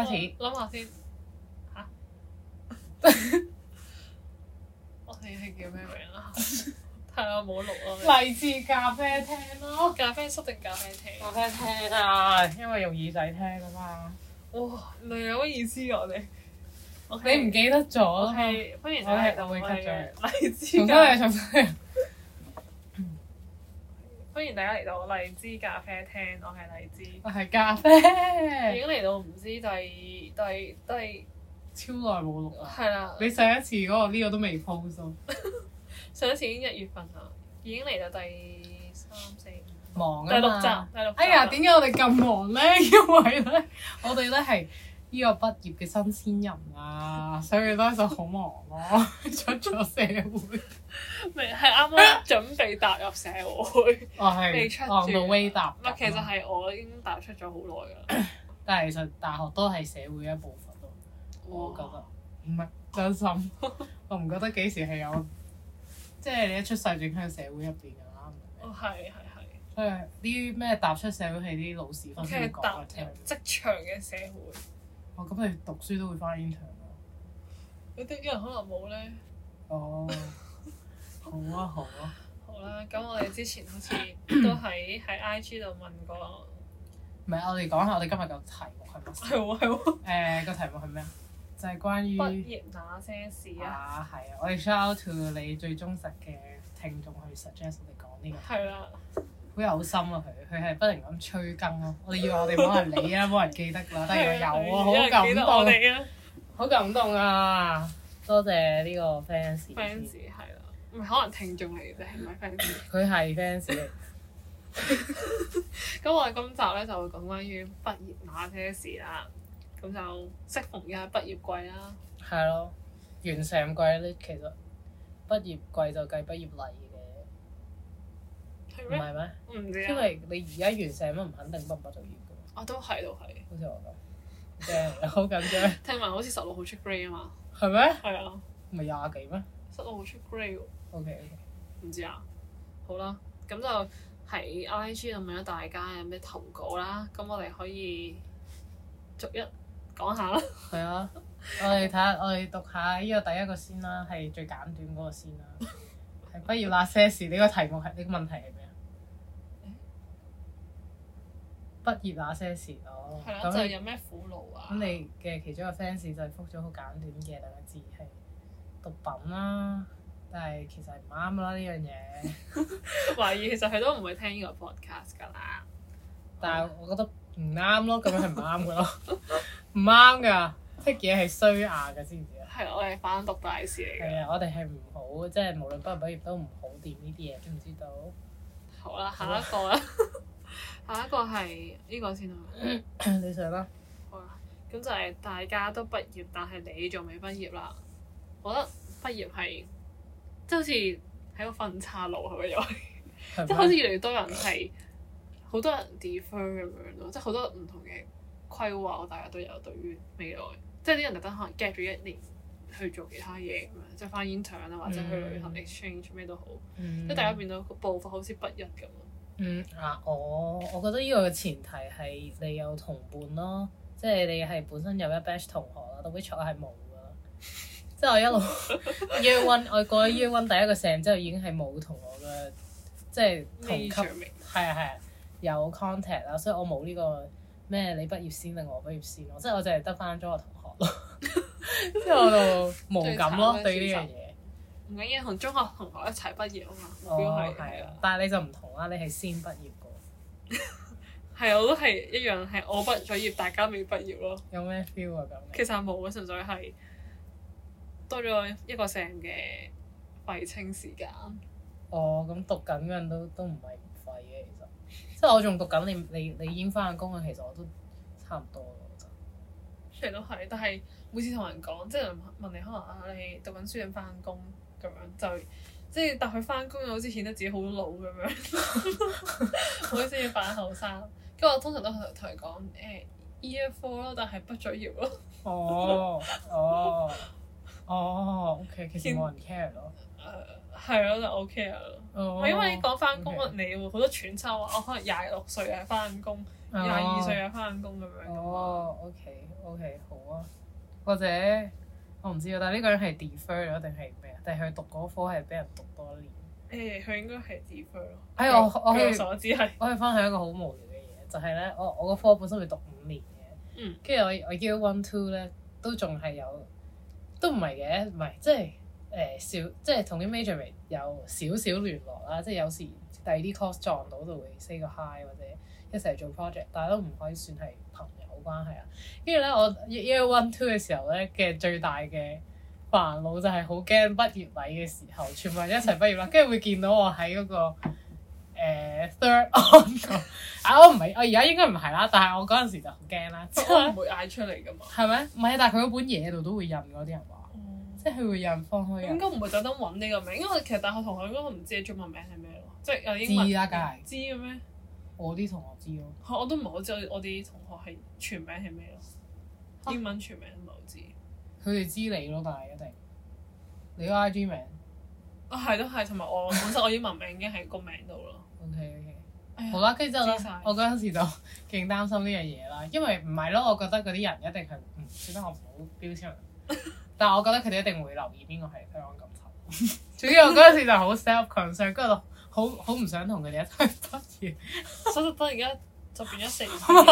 諗下先吓，我哋係叫咩名啊？睇下冇錄咯。荔枝咖啡廳咯，咖啡室定咖啡廳？咖啡廳啊，因為用耳仔聽㗎嘛。哇，又有意思我哋，你唔記得咗？係，不然就唔會記住。荔枝，重新嚟，重新嚟。歡迎大家嚟到荔枝咖啡廳，我係荔枝，我係咖啡。 已經嚟到唔知第、第、第超耐冇錄啦。係啦了。你上一次嗰個呢個都未 post，上一次已經一月份啦，已經嚟到第三四、五。忙啦。第六集。第六集。哎呀，點解我哋咁忙咧？ 因為咧，我哋咧係。呢個畢業嘅新鮮人啊，所以 都係就好忙咯、啊。 出咗社會，係啱啱準備踏入社會，被、哦、出學到未踏入。唔其實係我已經踏出咗好耐噶啦。 但係其實大學都係社會一部分咯，哇我覺得唔係真心。我唔覺得幾時係有，即係你一出世就喺社會入邊噶啦。哦，係係係。所以啲咩踏出社會係啲老師分佈講嘅。職場嘅踏社會。咁、哦、你讀書都會翻 intern 啊？有啲人可能冇咧。哦，oh, 好啊，好啊，好啦、啊。咁我哋之前好似都喺喺 IG 度問過。唔係，我哋講下我哋今日嘅題目係乜？係喎係喎。誒、 呃，個題目係咩、就是、 啊？就係關於畢業那些事啊。啊，係啊！我哋 shout out to 你最忠實嘅聽眾去 suggest 你哋講呢個。係啦、啊。好有心啊佢，佢係不停咁催更咯。 我哋以為我哋冇人理啊，冇 人記得啦。但係有，啊、有啊，好感動，啊、好感動啊！多謝呢個 fans。fans 係咯、啊，唔係可能聽眾嚟嘅啫，唔係 fans。佢係 fans 嚟。咁 我哋今集咧就會講關於畢業、啊、那些事啦。咁就適逢又係畢業季啦、啊。係咯、啊，完成季咧其實畢業季就計畢業禮。唔係咩？唔 Remember. 知。因為你而家完成咁，唔肯定畢唔畢到業嘅。啊、我都係，都係。好似我咁，即係好緊張。 聽聞好似十六號出 grade 啊嘛。係咩嗎？係啊。唔係廿幾咩？十六號出 grade 喎。O K O K。唔知啊。好啦，咁就喺 I G 就問咗大家有咩投稿啦。咁我哋可以逐一講下啦。係 啊。我哋睇下，我哋讀下呢個第一個先啦，係最簡短嗰個先啦。係 不如那些事呢個題目係呢、這個問題畢業那些時哦，就有咩苦惱啊？咁你嘅其中一個 fans 就係覆咗好簡短嘅，大家字，係毒品啦，但係其實唔啱啦呢樣嘢。懷疑其實佢都唔會聽呢個 podcast 㗎啦。但係我覺得唔啱咯，咁樣係唔啱嘅咯，唔啱㗎。識嘢係衰牙㗎，知唔知啊？係，我哋反毒大事嚟。係啊，我哋係唔好，即係無論畢業畢業都唔好掂呢啲嘢。知唔知道？好啦，下一個啦。下一個係呢個先啊！ 你想啦，好啦，咁就係大家都畢業，但係你仲未畢業啦。我覺得畢業係即係好似喺個分岔路係咪？又即係好似越嚟越多人係好 多人 defer 咁樣咯，即係好多唔同嘅規劃，大家都有對於未來，即係啲人特登可能 gap 咗一年去做其他嘢咁樣，即係翻 intern 啊，或者去旅行 exchange 咩都好，即係、嗯、大家變到個步伐好似不一咁。嗯啊，我我覺得呢個嘅前提係你有同伴咯，即係你係本身有一 batch 同學啦到 which 冇噶，即係 我一路 year one，我過咗 year one 第一個 sem 之後已經係冇同我嘅，即係同級，係啊係啊，有 contact 啦，所以我冇呢、呢個咩你畢業先定我畢業先 咯，即係我淨係得翻咗個同學咯，之後我就冇感咯對呢樣嘢。唔緊要，同中學同學一齊畢業啊嘛，feel 係。但係你就唔同啦，你係先畢業個。係啊， 我都係一樣，係我畢咗業，大家未畢業咯。有咩 feel 啊？咁其實冇啊，純粹係多咗一個成嘅廢青時間。哦，咁、嗯嗯、讀緊嘅都都唔係廢嘅，其實不不。即、就、係、是、我仲讀緊，你你你已經返緊工嘅。其實我，差我都差唔多咯，真。説嚟都係，但係每次同人講，即係問你可能啊，你讀緊書定返緊工？咁樣就即係，搭佢翻工又好似顯得自己老呵呵 好老咁樣，好似要扮後生。跟住我通常都同佢講誒 year four 咯，但係畢咗業咯。哦，哦，哦，OK， 其實冇人 care 咯。誒係咯，啊、就我 care 咯。係、oh, 因為你講翻工 okay. 你喎，好多轉差話，我可能廿六歲又係翻工，廿二、oh, 歲又翻工咁樣。哦、oh,，OK，OK，、okay, okay, 好啊。或者我唔知啊，但係呢個人係 defer 咗定係？但係讀嗰科係俾人讀多年？誒、欸，佢應該係 degree 咯。係、哎、我我所知係。我可以分享一個好無聊嘅嘢，就係、是、咧，我我個科本身係讀五年嘅。嗯。跟住我我 year one two 咧，都仲係有，都唔係嘅，唔係即係誒少，即係、呃、同啲 major 有少少聯絡啦。即係有時第二啲 course 撞到就會 say 個 hi 或者一齊做 project，但係都唔可以算係朋友關係啊。跟住咧，我 year one two 嘅時候咧嘅最大嘅。煩惱就係好驚畢業禮嘅時候，全部人一齊畢業啦，跟住會見到我喺嗰個 third on 個，呃、on 啊我唔係，我而家應該唔係啦，但係我嗰陣時就好驚啦，即係唔會嗌出嚟㗎嘛。係咪？唔係，但係佢嗰本嘢度都會印咯，啲、嗯、人話，即係會印放開人。應該唔會特登揾呢個名，因為其實大學同學應該唔知你中文名係咩咯，即係有英文。知啦梗係。知嘅咩？我啲同學知咯。我都唔係好知，我啲同學係全名係咩咯？英文全名。啊佢哋知你咯，但係一定，你個 I G 名，哦，係都係，同埋我本身我英文名已經喺個名度咯。O K O K，好啦，跟住之後我嗰陣時就勁擔心呢樣嘢啦，因為唔係咯，我覺得嗰啲人一定係唔、嗯、算得我好標籤，但係我覺得佢哋一定會留意邊個係香港咁頭。總 之我嗰陣時就好 self c o n c e r n，跟住就好好唔想同佢哋一齊出現，所以突而家。 就變咗成唔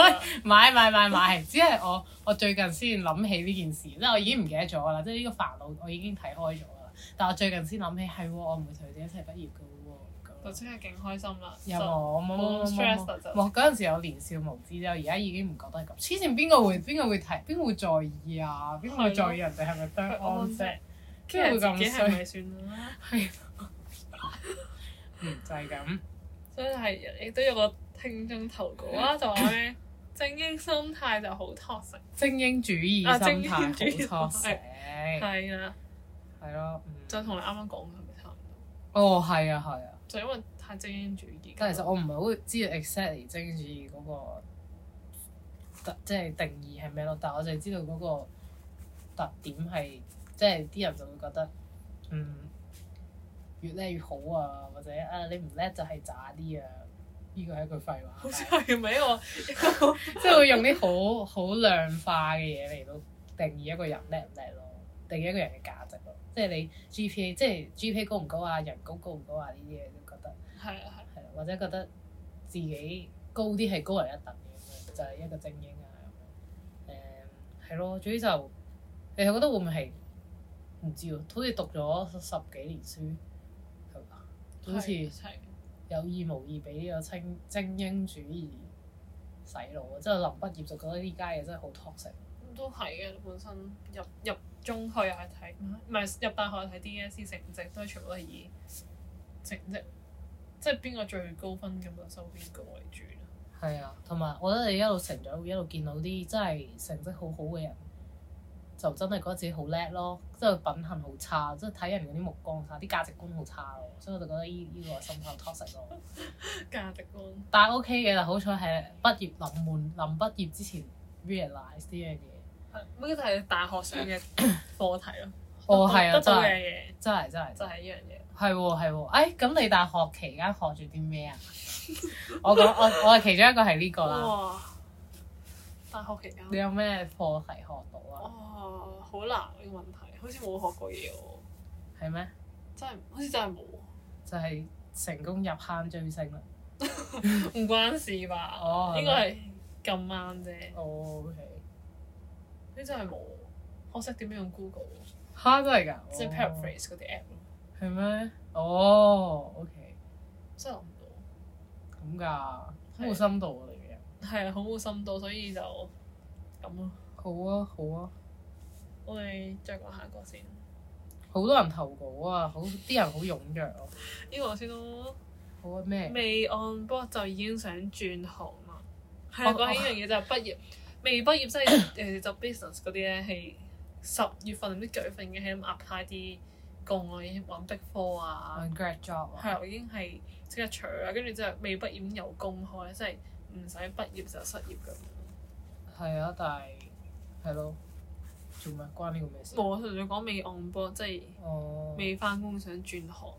買，買買買買，只係我我最近先諗起呢件事，即係我已經唔記得咗啦，即係呢個煩惱我已經睇開咗啦。但係我最近先諗起，係喎，我唔會同佢哋一齊畢業嘅喎。就真係勁開心啦！又冇冇冇冇我嗰陣時有年少無知之後，而家已經唔覺得係咁。黐線邊個會邊個會睇邊個會，會，會在意啊？邊個會在意人哋係咪得安逸？邊個會咁衰？係對，嗯，就係咁。真係亦都有個。聽眾投稿啊，同埋精英心態就好 toxic。精 英主義心態好 toxic。係啊，係咯。就同你啱啱講嘅係咪差唔多？哦，係啊，係啊。就因為太精英主義。但其實我唔係好知道 exactly 精英主義嗰、嗰個特即係定義係咩咯？但係我就係知道嗰個特點係即係啲人就會覺得嗯，嗯越叻越好啊，或者啊你唔叻就係渣啲啊。呢個係一句廢話。好似係咪我即係會用啲好好量化嘅嘢嚟到定義一個人叻唔叻咯，定一個人嘅價值咯。即係你 GPA，即係 GPA 高唔高啊，人工高高唔高啊，呢啲嘢都覺得係 或者覺得自己高啲係高人一等嘅，就係、是、一個精英啊。誒係咯，總之就你係覺得會唔會係唔知喎？好似讀咗十幾年書係好似有意無意俾呢個精精英主義洗腦，即係臨畢業就覺得呢家嘢真係好托食，都係嘅，本身入入中學又係睇唔係入大學睇 DSE 成績，都係全部都係以成績，即係邊個最高分咁就收邊個為主啦。係啊，同埋我覺得你一路成長會一路見到啲真係成績好好嘅人。就真係覺得自己好叻咯，即係品行好差，即係睇人嗰啲目光差，啲價值觀好差咯，嗯、所以我就覺得呢依 個係深刻嘅 topic 咯。價值觀。但係 OK 嘅，好彩係畢業臨門，臨畢業之前 realize 呢樣嘢。咁就係大學上嘅課題咯。 哦，係啊，真係。真係真係真係呢樣嘢。係喎係喎，誒咁、啊啊哎、你大學期間學住啲咩啊？我講，我我係其中一個係呢個啦。大學期間你有咩課題學到啊？哦，好難呢個問題，好似冇學過嘢喎。係咩？真係好似真係冇。就係成功入坑追星啦。唔關事吧？哦，應該係咁啱啫。O K，呢真係冇。我識點樣用 Google。嚇！都係㗎。即係 Paraphrase 嗰啲 app 咯。係咩？哦，O K。真係諗唔到。咁㗎，好深度係啊， 好冇深度，所以就咁咯、啊。好啊，好啊， 我哋再講下一個先。好多人投稿啊，好啲人好踴躍哦。呢個先咯。好啊，咩？未 on board，就已經想轉行啊。係啊，講起、 哦嗯、一樣嘢就係畢業，未畢業即係誒做 business 嗰啲咧，係十月份、唔知幾月份嘅喺度 apply 啲工啊，啊，已經揾 big four 啊，grad job 啊。係已經係即刻搶啦，跟住之後就未畢業已經有工開，即係。唔使畢業就失業咁。係啊，但係係咯，做咩關呢個咩事？我純粹講未按波，b o a 即係未翻工想轉行。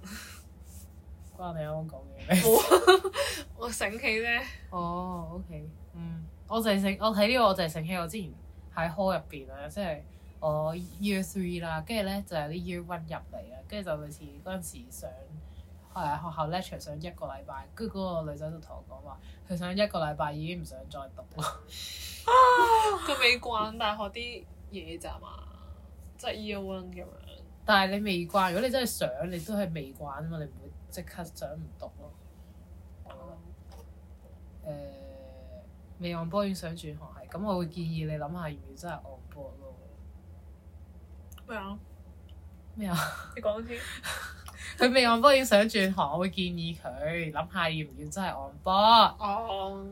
關你啱啱講嘢咩？哦、 我醒起啫。哦，OK，嗯，我就係醒，我睇呢、呢個我就係醒起，我之前喺 hall 入邊啊，即係我、哦、year three 啦，跟住咧就係、係、啲 year one 入嚟啊，跟住就類似嗰陣時想。係學校 lecture 上一個禮拜，跟住嗰個女仔都同我講話，佢想一個禮拜、那個、已經唔想再讀啦。佢未慣，大學啲嘢咋嘛，即係 year one 咁樣。但係你未慣，如果你真係想，你都係未慣啊嘛，你唔會即刻想唔讀咯。我覺得未按波院想轉學係，咁我會建議你諗下，願唔願真係按波咯？咩啊麼？咩啊？ 你講先。佢未按波已經想轉行，我會建議佢諗下要唔要真係按波。哦，oh.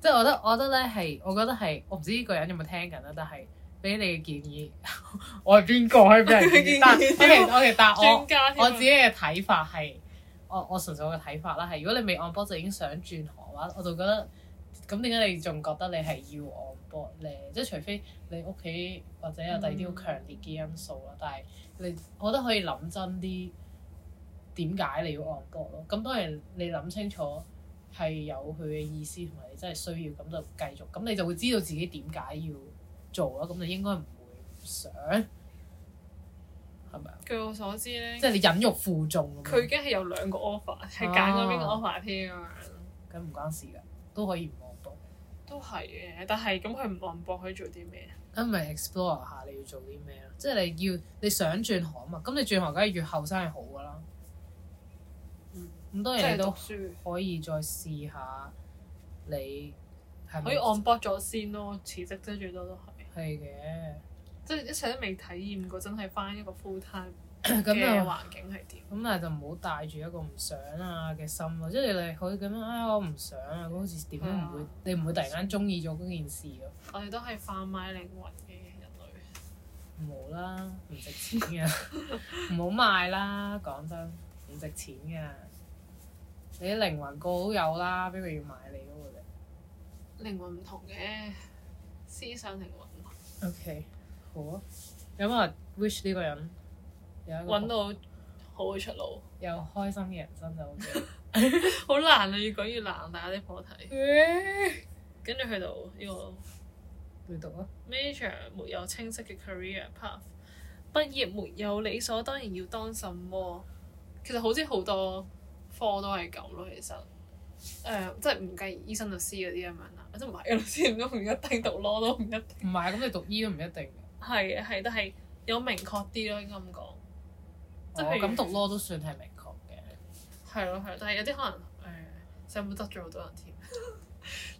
即係我覺得，我覺得咧係，我覺得係，我唔知呢個人有冇聽緊啦，但係俾你嘅建議， 我係邊個可以俾人建議。但係我其實，但我我自己嘅睇法係，我我純粹嘅睇法啦。係如果你未按波就已經想轉行嘅話，我就覺得咁點解你仲覺得你係要按波咧？即係、嗯、除非你屋企或者有第二啲好強烈嘅因素啦。嗯、但係你，我覺得可以諗真啲。點解你要按博咯？咁當然你諗清楚係有佢嘅意思，同埋你真係需要咁就繼續。咁你就會知道自己點解要做啦。咁你應該唔會唔想係咪啊？據我所知咧，即係你忍辱負重。佢已經係有兩個 offer，係揀咗邊個 offer 添咁樣，咁唔關事㗎，都可以唔按博。都係嘅，但係咁佢唔按博可以做啲咩啊？咁咪 explore 下你要做啲咩咯？即係你要你想轉行啊嘛。咁你轉行梗係越後生係好㗎啦。咁當然你都可以再試下你是是，你可以按搏咗先咯，辭職啫，最多都係。係嘅的，即係一切都未體驗過，真係翻一個 full time 嘅 環境係點？咁但係就唔好帶住一個唔想啊嘅心咯，即係你去咁樣啊，我唔想啊，咁好似點都唔會，啊、你唔會突然間中意咗嗰件事咯、啊。我哋都係販賣靈魂嘅人類。冇啦，唔值錢嘅，唔 好 賣啦，講真，唔值錢嘅。你啲靈魂個都有啦，邊個要買你咁嘅啫？靈魂唔同嘅思想靈魂。O、okay, K，好啊。咁啊，Wish 呢個人有揾到好嘅出路，有開心嘅人生就好。OK。好 難啊，越講越難，大家啲課題。跟住 去到呢、這個，你讀啊。Major 沒有清晰嘅 career path，畢業沒有理所當然要當什麼，其實好似好多。科都係咁咯，其實誒、呃，即係唔計醫生律、啊、律師嗰啲咁樣啦，即唔係啊？律師唔一定，而讀 law 都唔一定。唔係咁你讀醫都唔一定。係嘅，係，但係有明確啲咯，應該咁講。哦，咁如、哦、讀 law 都算係明確嘅。係咯，係咯，但係有啲可能誒，有、呃、冇得罪好多人添？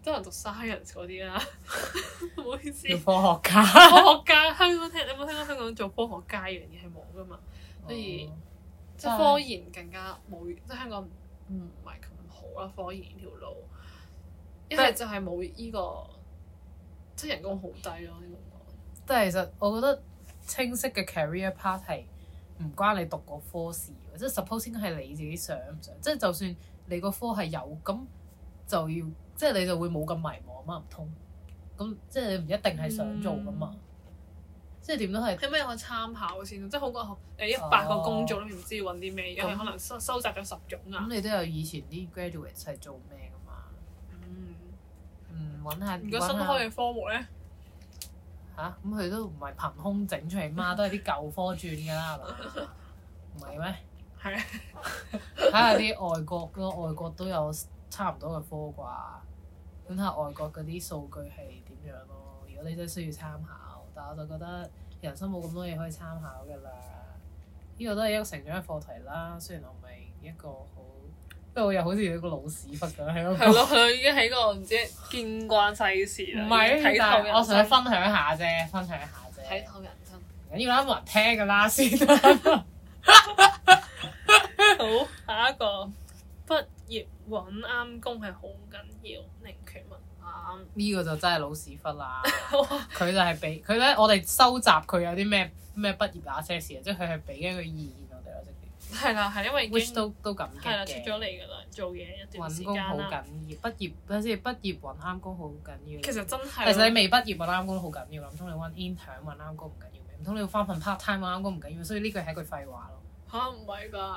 都有人讀 science 嗰啲啦，唔好意思你。做科學家，科學家。香港聽你有冇聽過香港做科學家樣嘢係冇噶嘛？所以。哦即係科研更加冇，嗯、即係香港唔係咁好啦。科研呢條路，一係就係冇依個，即係人工好低咯。即係其實我覺得清晰嘅 career part 係唔關你讀個科事，即係 supposing 係你自己想唔想，即係就算你個科係有，咁就要即係你就會冇咁迷茫啊嘛，唔通咁即係你唔一定係想做噶嘛。即係點都係有咩有個參考先即係好過誒一百個工作都唔知要揾啲咩，有啲、oh, 可能收、嗯、收集咗十種啊。咁你都有以前啲 graduates 係做咩噶嘛？嗯，嗯，揾下。如果新開嘅科目咧？吓、啊，咁佢都唔係憑空整出嚟，嘛都係啲舊科轉㗎啦。唔係咩？係，睇下啲外國咯，外國都有差唔多嘅科啩。咁睇下外國嗰啲數據係點樣咯？如果你真係需要參考。但我就覺得人生冇咁多嘢可以參考㗎啦，呢個都係一個成長嘅課題啦。雖然我唔係一個好，不過我又好似有一個老屎忽咁喺度。係咯，佢已經喺個唔知見慣世事唔係，但係我純粹分享下啫，分享下啫。睇透人生，呢個冇人聽㗎啦，先。好，下一個畢業揾啱工係好緊要，寧缺毋。呢個就真係老屎忽啦！佢就係俾佢咧，我哋收集佢有啲咩咩畢業那些事啊，即係佢係俾一個意見我哋咯，即係。係啦，係因為已經都都咁嘅。係啦，出咗嚟噶啦，做嘢一揾工好緊要，畢業有時畢業揾啱工好緊要。其實真係。其實你未畢業揾啱工都好緊要，唔通你揾 intern 揾啱工唔緊要咩？唔通你要翻份 part time 揾啱工唔緊要咩？所以呢句係一句廢話咯。嚇唔係㗎？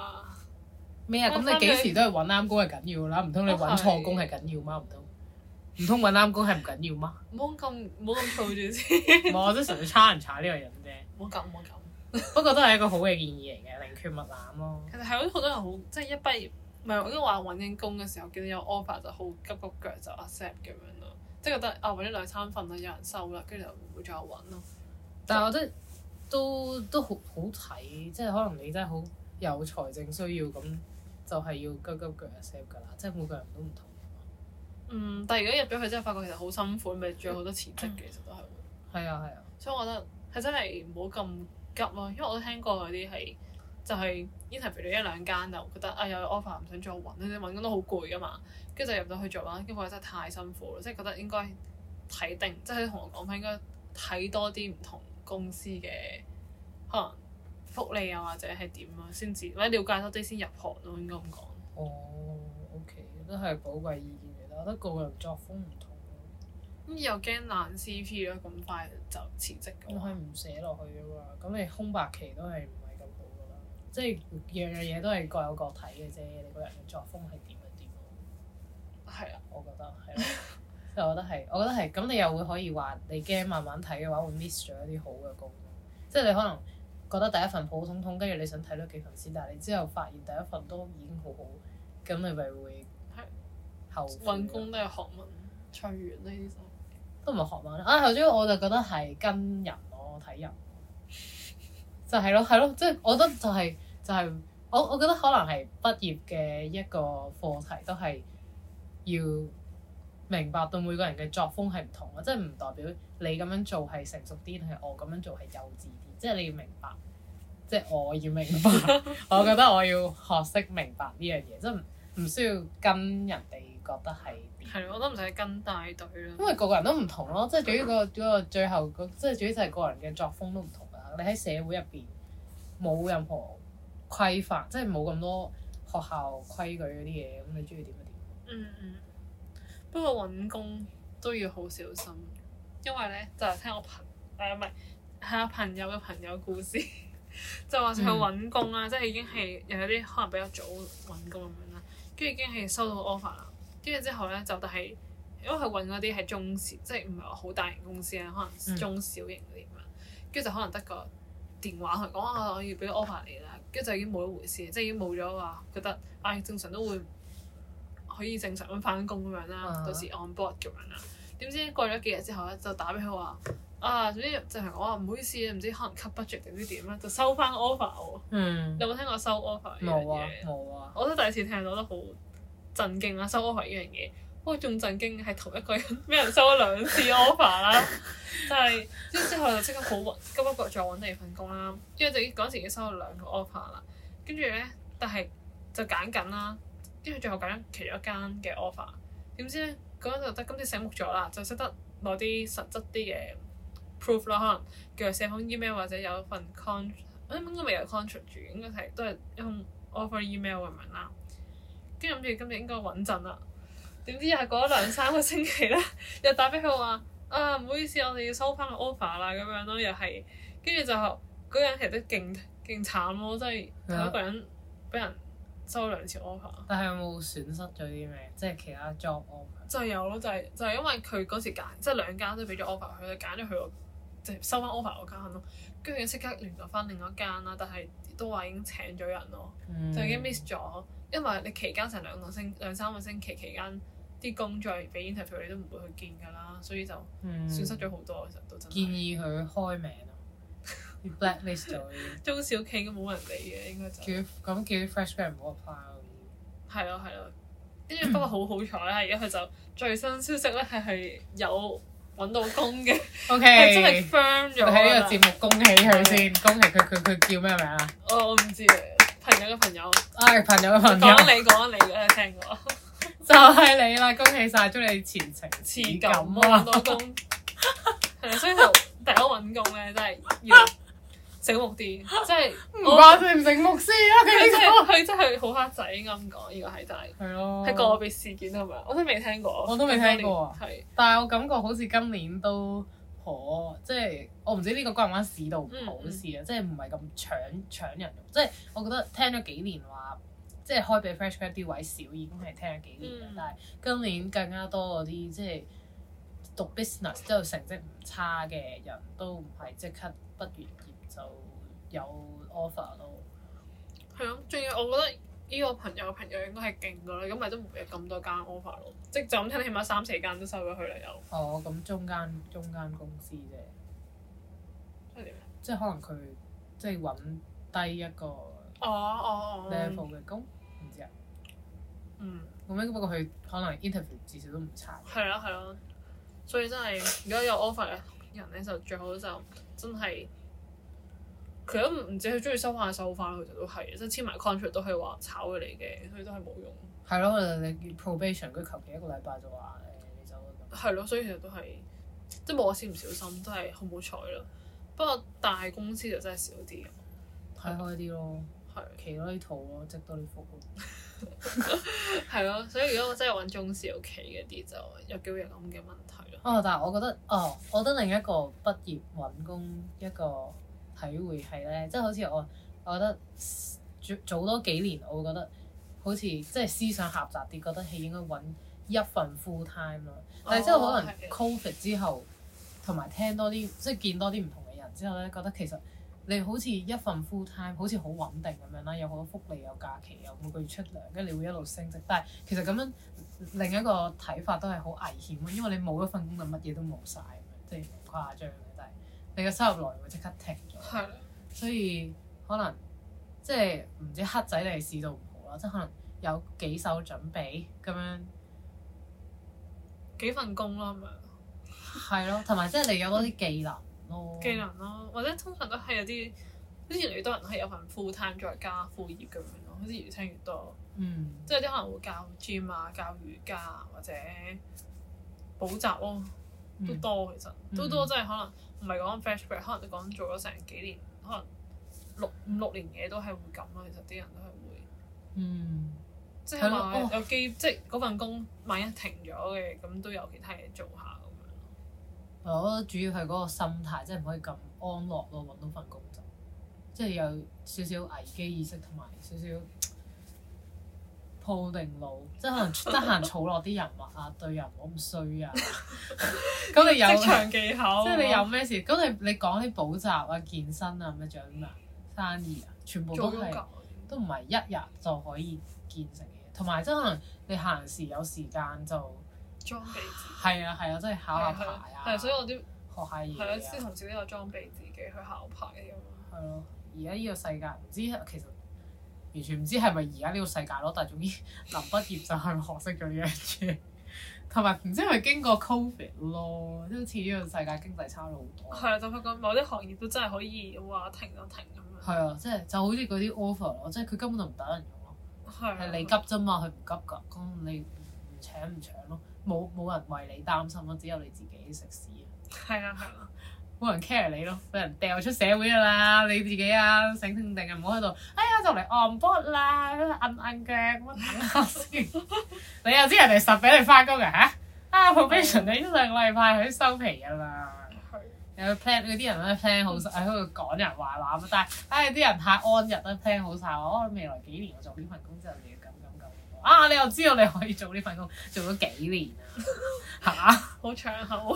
咩啊？咁你幾時都係揾啱工係緊要啦？唔通你揾錯工係緊要嗎？唔通？唔通揾啱工係唔緊要嗎？唔好咁唔好咁嘈住先。 我都純粹差人查呢個人啫。唔好咁唔好咁。 不過都係一個好嘅建議嚟嘅，寧缺勿攬勿濫咯。其實係好多人好，即係一畢業，唔係我都話揾緊工嘅時候，見到有 offer 就好急個腳就 accept 咁樣咯。即係覺得啊，揾一兩餐飯有人收啦，跟住就唔會再揾咯。但係我覺得都都，都好好睇，即係可能你真係好有財政需要咁，就係要急急腳 accept 㗎啦。即係每個人都唔同。嗯，但係而家入咗去之後，發覺其實好辛苦，咪仲有好多辭職其實都係。係、嗯、啊，係啊，所以我覺得係真係唔好咁急咯、啊。因為我都聽過嗰啲係，就係 interview 咗一兩間就覺得啊、哎、有 offer 唔想再揾，你揾工都好攰噶嘛。跟住就入咗去做啦。跟住真係太辛苦啦，即係覺得應該睇定，即係同我講翻應該睇多啲唔同公司嘅可能福利啊，或者係點啊，先至或者了解多啲先入行咯、啊。應該咁講。哦，OK，都係寶貴意見。覺得個人作風唔同，咁又驚爛 CP 咯，咁快就辭職。我係唔寫落去嘅喎，咁你空白期都係唔係咁好噶啦？即係樣樣嘢都係各有各睇嘅啫，你個人嘅作風係點就點咯。係啊，我 我，我覺得係。我覺得係，我覺得係。咁你又會可以話你驚慢慢睇嘅話會 miss 咗一啲好嘅工，即係你可能覺得第一份普通通，跟住你想睇多幾份先，但係你之後發現第一份都已經好好，咁你咪會。份工都係學問，隨緣呢啲都唔係學問啊。頭、哎、先我就覺得係跟人咯，睇人 就係咯，係咯，即、就、係、是、我覺得就係、是、就係、是、我我覺得可能係畢業嘅一個課題，都係要明白到每個人嘅作風係唔同啊，即係唔代表你咁樣做係成熟啲，定係我咁樣做係幼稚啲，即、就、係、是、你要明白，即、就、係、是、我要明白。 我覺得我要學識明白呢樣嘢，即係唔需要跟人哋。覺得係係我都唔使跟大隊咯，因為個個人都唔同咯、嗯嗰個嗰個。即係主要個嗰個最後即係主要就係個人嘅作風都唔同啦。你喺社會入邊冇任何規範，即係冇咁多學校規矩嗰啲嘢，咁你中意點就點。嗯嗯。不過揾工都要好小心，因為咧就係、係、聽我朋誒唔係係啊朋友嘅朋友故事， 就話佢揾工啦，嗯、即係已經係又有啲可能比較早揾工咁樣啦，跟住已經係收到 offer 啦。跟住之後咧，就但係，因為佢揾嗰啲係中小，即係唔係話好大型公司咧，可能中小型嗰啲咁樣，跟住、嗯、就可能得個電話佢講啊，啊，我要俾 offer 你啦 off、er，跟住就已經冇一回事，即係已經冇咗話覺得，唉、啊、正常都會可以正常咁返工咁樣啦，啊、到時 on board 咁樣啦。點知過咗幾日之後咧，就打俾佢話啊，總之就係我啊，唔好意思，唔知可能 cut budget 定唔知點啦，就收翻 offer、嗯、有冇聽過收 offer 嘅嘢？冇啊，啊我都第一次聽到，都好。震驚啊，收 offer 呢樣嘢，不過仲震驚係同一個人，俾人收咗兩次 offer 啦，但係，跟住之後就即刻好揾，急不急再揾你份工啦，因為就嗰時已經收咗兩個 offer 啦，跟住咧，但係就揀緊啦，跟住最後揀咗其中一間嘅 offer，點知咧嗰陣就得今次醒目咗啦，就識得攞啲實質啲嘅 proof 啦，可能叫做寫封 email 或者有一份 contract，應該未有 contract 住，應該係都係一封 offer email 咁樣啦。跟住諗住今日應該穩陣啦，點知又係過咗兩三個星期咧， 又打俾佢話，啊唔好意思，我哋要收翻個 offer 啦咁樣咯，又係跟住就嗰個人係真係勁勁慘咯，即係同一個人俾人收兩次 offer。但係有冇損失咗啲咩？即係其他 job offer？就係有咯，就係就係因為佢嗰時揀，即係兩間都俾咗 offer，佢就揀咗佢個，收翻 offer 嗰間咯，跟住即刻聯絡翻另一間啦，但係都話已經請咗人咯，就已經 miss 咗，因為你期間成兩個星兩三個星期期間啲工再俾 interview，你都唔會去見㗎啦，所以就損失咗好多。其實都真建議佢開名啊 blacklist 咗。中小企都冇人理嘅，應該就咁叫啲 freshman 唔好 apply。係咯係咯，跟住不過好好彩啦，而家佢就最新消息咧係係有。搵到工嘅，OK， 真係 firm 咗。喺呢個節目恭喜佢先，Okay. 恭喜佢佢佢叫咩名啊？我我唔知朋友嘅朋友，係、哎、朋友嘅朋友。講你講你，有聽過？就係你啦， 恭喜晒，祝你前程似錦近，搵感到工。係啊，所以就第一搵工咧，真係要。Yeah. 醒目啲、啊，即係唔怪佢唔醒目先。啦。佢呢個佢真係好黑仔，噉講。呢個係大，係咯，係個別事件，係咪？我都未聽過，我都未聽過啊。但係我感覺好似今年都可即係我唔知呢個關唔關市道唔好事啊？即係唔係咁搶搶人？即係我覺得聽咗幾年話，即係開俾 fresh grad 啲位少，已經係聽咗幾年、嗯、但係今年更加多嗰啲即係讀 business 之後成績唔差嘅人都唔係即刻畢業。就有 offer 咯，係咯，仲要我覺得呢個朋友嘅朋友應該係勁噶啦，咁咪都唔會有咁多間 offer 咯。即係就咁、是、聽，起碼三四間都收咗佢啦。有哦，咁中間中間公司啫，即係點？即係可能佢即係揾低一個哦哦哦 level 嘅工，唔知啊，嗯咁樣。不過佢、嗯、可能 interview 至少都唔差，係咯係咯。所以真係如果有 offer 嘅人咧，就最好就真係。佢都唔唔知佢中意收翻就收翻，佢就都係，即係簽埋 contract 都係話炒佢嚟嘅，所以都係冇用。係咯，你見 probation 佢求其一個禮拜就話你走。係咯，所以其實都係，即係冇事，唔小心都係好冇彩咯。不過大公司就真係少啲。睇開啲咯，係了，企多啲套咯，積多啲福咯。係咯， 所以如果我真係揾中小企嗰啲，就有機會有咁嘅問題。啊、哦！但係我覺得，哦，我覺得另一個畢業揾工一個。體會係咧，即係好似我，我覺得早早多幾年，我會覺得好似即係思想狹窄啲，覺得係應該揾一份 full time 咯。Oh, 但係之後可能 Covid 的之後同埋聽多啲，即係見多啲唔同嘅人之後咧，覺得其實你好似一份 full time，好似好穩定咁樣啦，有好多福利，有假期，有每個月出糧跟住你會一路升職，但係其實咁樣另一個睇法都係好危險，因為你冇一份工就乜嘢都冇晒曬，即係唔誇張。你個收入來源會即刻停咗，係咯的，所以可能即係唔知黑仔定係市道唔好啦，即係可能有幾手準備咁樣幾份工咯，咪係咯，同埋 即係你有嗰啲技能咯，技能咯、啊，或者通常都係有啲好似越多人係有份 full time 再加副業咁樣咯，好似越聽越多，嗯，即係有啲可能會教 gym 啊，教瑜伽、啊、或者補習咯、啊，都多其實、嗯嗯、都多，即係可能。唔係講 fresh graduate，可能你講做咗成幾年，可能六五六年嘢都係會咁咯。其實啲人都係會，嗯，即係可能有機，哦、即係嗰份工萬一停咗嘅，咁都有其他嘢做下咁樣。我覺得主要係嗰個心態，即係唔可以咁安樂咯，揾到份工作就，即係有少少危機意識同埋少少。鋪定路，即係可能得閒儲落啲人物啊，對人唔好咁衰啊。咁你有長技巧，即係你有咩事？咁 你你講啲補習啊、健身啊咁樣仲有啲咩生意啊？全部都係都唔係一日就可以建成嘅。同埋即係可能你閒時有時間就裝備自己。係啊係啊，即係考下牌啊。係，所以我都學下嘢。係啊，先從小呢個裝備自己去考牌咁。係咯，而家呢個世界唔知其實。完全唔知係咪而家呢個世界咯，但係終於臨畢業就係學識咗呢樣嘢，同埋唔知係經過 COVID 咯，即係好似呢個世界經濟差咗好多。係啊，就發覺某啲行業都真係可以話停都停咁樣。係啊，即係就好似嗰啲 offer 咯，即係佢根本就唔等人用咯，係的你急啫嘛，佢唔急噶，咁你唔請唔請咯，冇冇人為你擔心咯，只有你自己食屎。係啊係啊。 冇人 care 你咯，俾人掉出社會㗎啦！你自己啊，醒定定啊，唔好喺度。哎呀，就嚟 on board 啦，咁樣揞揞腳乜等下先。 你又知人哋實俾你翻工嘅嚇，啊 probation 你、啊、上個禮拜喺收皮啊嘛。的有 plan 嗰啲人咧 plan 好曬喺度講人話話乜，但係哎，啲人太安逸都 plan 好晒。我、啊、未來幾年我做呢份工之後你要咁咁咁。啊，你又知道你可以做呢份工，做咗幾年啊？嚇，好長口！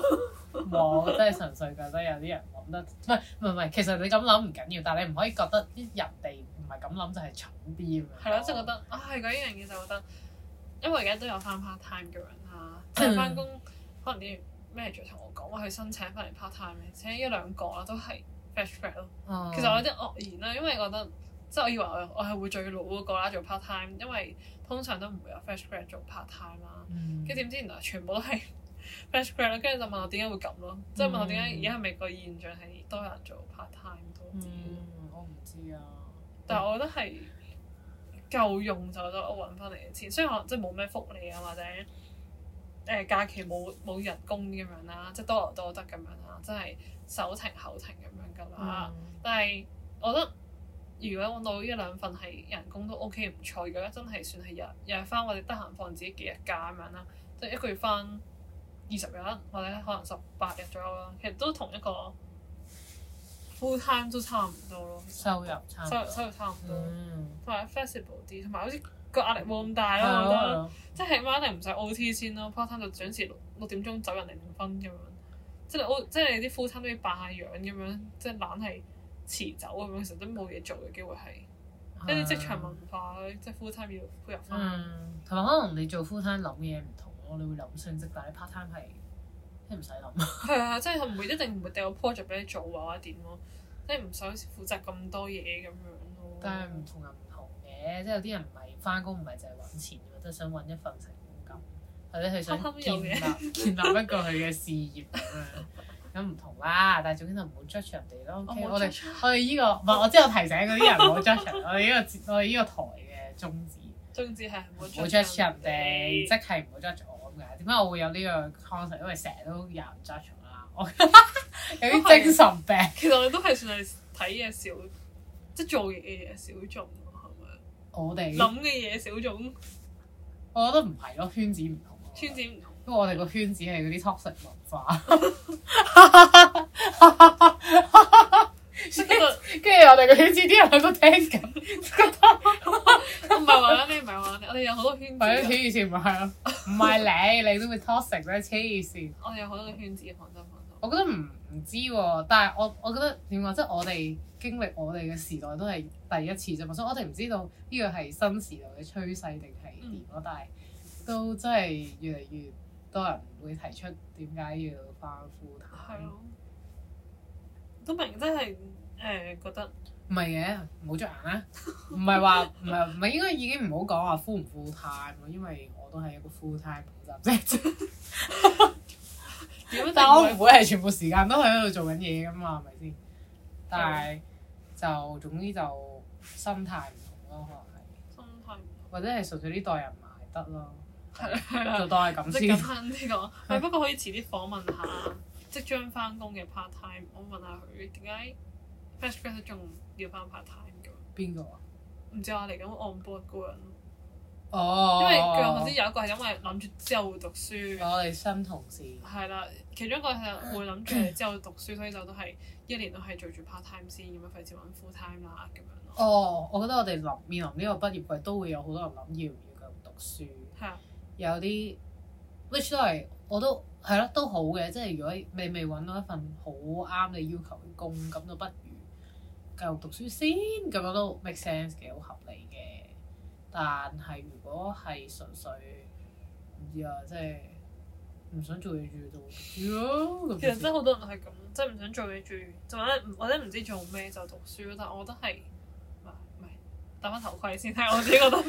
冇， 我真係純粹覺得有啲人揾得，唔係唔係唔係，其實你咁諗唔緊要，但係你唔可以覺得啲人哋唔係咁諗就係蠢啲咁樣。係咯， 啊，即係覺得啊，係嗰樣嘢就覺得，因為而家都有翻 part time 嘅人啦，即係翻工可能啲 manager 同我講話去申請翻嚟 part time，請一兩個啦，都係 fresh grad 咯。其實我有啲愕然啦，因為覺得即係我以為我我係會最老嗰個啦做 part time，因為通常都唔會有 fresh grad 做 part time 啦。跟 點知原來全部都係。 fresh grad 跟住就問我點解會咁咯，即係、嗯、問我點解而家係咪個現象係多人做 part time 多啲？我唔知啊，但係我覺得係夠用就得，我揾翻嚟嘅錢。雖然可能即係冇咩福利啊，或者誒、呃、假期冇冇人工咁樣,多多樣,停停樣啦，即係多勞多得咁樣啦，即係手停口停咁樣㗎啦。但係我覺得如果揾到呢一兩份係人工都 OK 唔錯，如果真係算係日日翻我哋得閒放自己幾日假咁樣啦，即係一個月翻。二十日或者可能十八日左右啦，其實都同一個 full time 都差唔多咯，收入差，收入收入差唔多，同埋、嗯、flexible 啲，同埋好似個壓力冇咁大咯，嗯、我覺得，嗯、即係起碼你唔使 OT 先咯，part time 就準時六六點鐘走人零五分咁樣，即係 O 即係啲 full time 都要扮下樣咁樣，即係懶係遲走咁樣，其實都冇嘢做嘅機會係，即一啲職場文化、嗯、即係 full time 要配合翻，同埋、嗯、可能你做 full time 諗嘢唔同。我哋、啊、會諗信息，但係 part time 係即唔使諗。係啊，即係唔會一定唔會掉個 project 俾你做啊，或者點咯，即係唔想負責咁多嘢咁樣咯。但係唔同人唔同嘅，即係有啲人唔係翻工，唔係淨係揾錢，即係想揾一份成功感，或者佢想建立一個佢嘅事業咁樣，咁唔同啦。但係總之就唔好 judge 人哋咯，OK？我哋我哋依個我之我提醒嗰啲人唔好 judge 人，我呢、呢個我哋呢個台嘅宗旨宗旨係唔好 judge 人哋， 即係唔好 judge 點解我會有呢個 concept？因為成日都有人 judge 我啦，我有啲精神病。 其實我哋都係算係睇嘢少，即係做嘢嘢少種咁樣。我哋諗嘅嘢少種。我覺得唔係咯，圈子唔同。圈子唔同，因為我哋個圈子係嗰啲 toxic 文化。 跟住我哋個圈子啲人喺度聽緊，唔係話你，唔係話你，我哋有好多圈子。黐住線唔係啊，唔係你，你都會拖成咧黐住線。我哋有好多嘅圈子啊，我覺得唔唔知喎，但係我我覺得點話，即係我哋經歷我哋嘅時代都係第一次啫嘛，所以我哋唔知道呢個係新時代嘅趨勢定係點咯。但係都真係越嚟越多人會提出點解要返 full time。係咯，都明真係。誒、嗯、覺得唔係嘅，冇着眼啊！唔係話唔係唔係應該已經唔好講話 full 唔 full time，因為我都係一個 full time 嘅職業，屌唔 我唔會係全部時間都喺度做緊嘢噶嘛，係咪先？但係、嗯、就總之就心態唔同咯，可能係心態唔同，或者係純粹呢代人埋得咯，係啦，就當係咁先。即係咁講，係不過可以遲啲訪問下 即將翻工嘅 part time，我問下佢點解。仲要翻 part time 嘅、啊，邊個唔知我嚟緊 on board 個人、oh, 因為佢有頭先有一個係因為諗住之後會讀書，我哋新同事係啦，其中一個係會諗住之後讀書， 所以就都係一年都係做住 part time 先咁樣，費事揾 full time 啦咁樣。哦，我覺得我哋臨面臨呢個畢業季都會有好多人諗要唔要繼續讀書，啊 Yeah.，有啲 which 都係我都係咯，都好嘅。即係如果你未揾到一份好啱你要求嘅工，咁就 不。繼續讀書先，咁樣都 make sense 嘅，好合理嘅。但係如果係純粹唔知啊，即係唔想做嘢住讀書咯。Yeah, 其實真係好多人係咁，即係唔想做嘢住，就，就讀書咯。或者或者唔知做咩就讀書咯。但係我覺得係唔係戴翻頭盔先？睇 我自己覺得，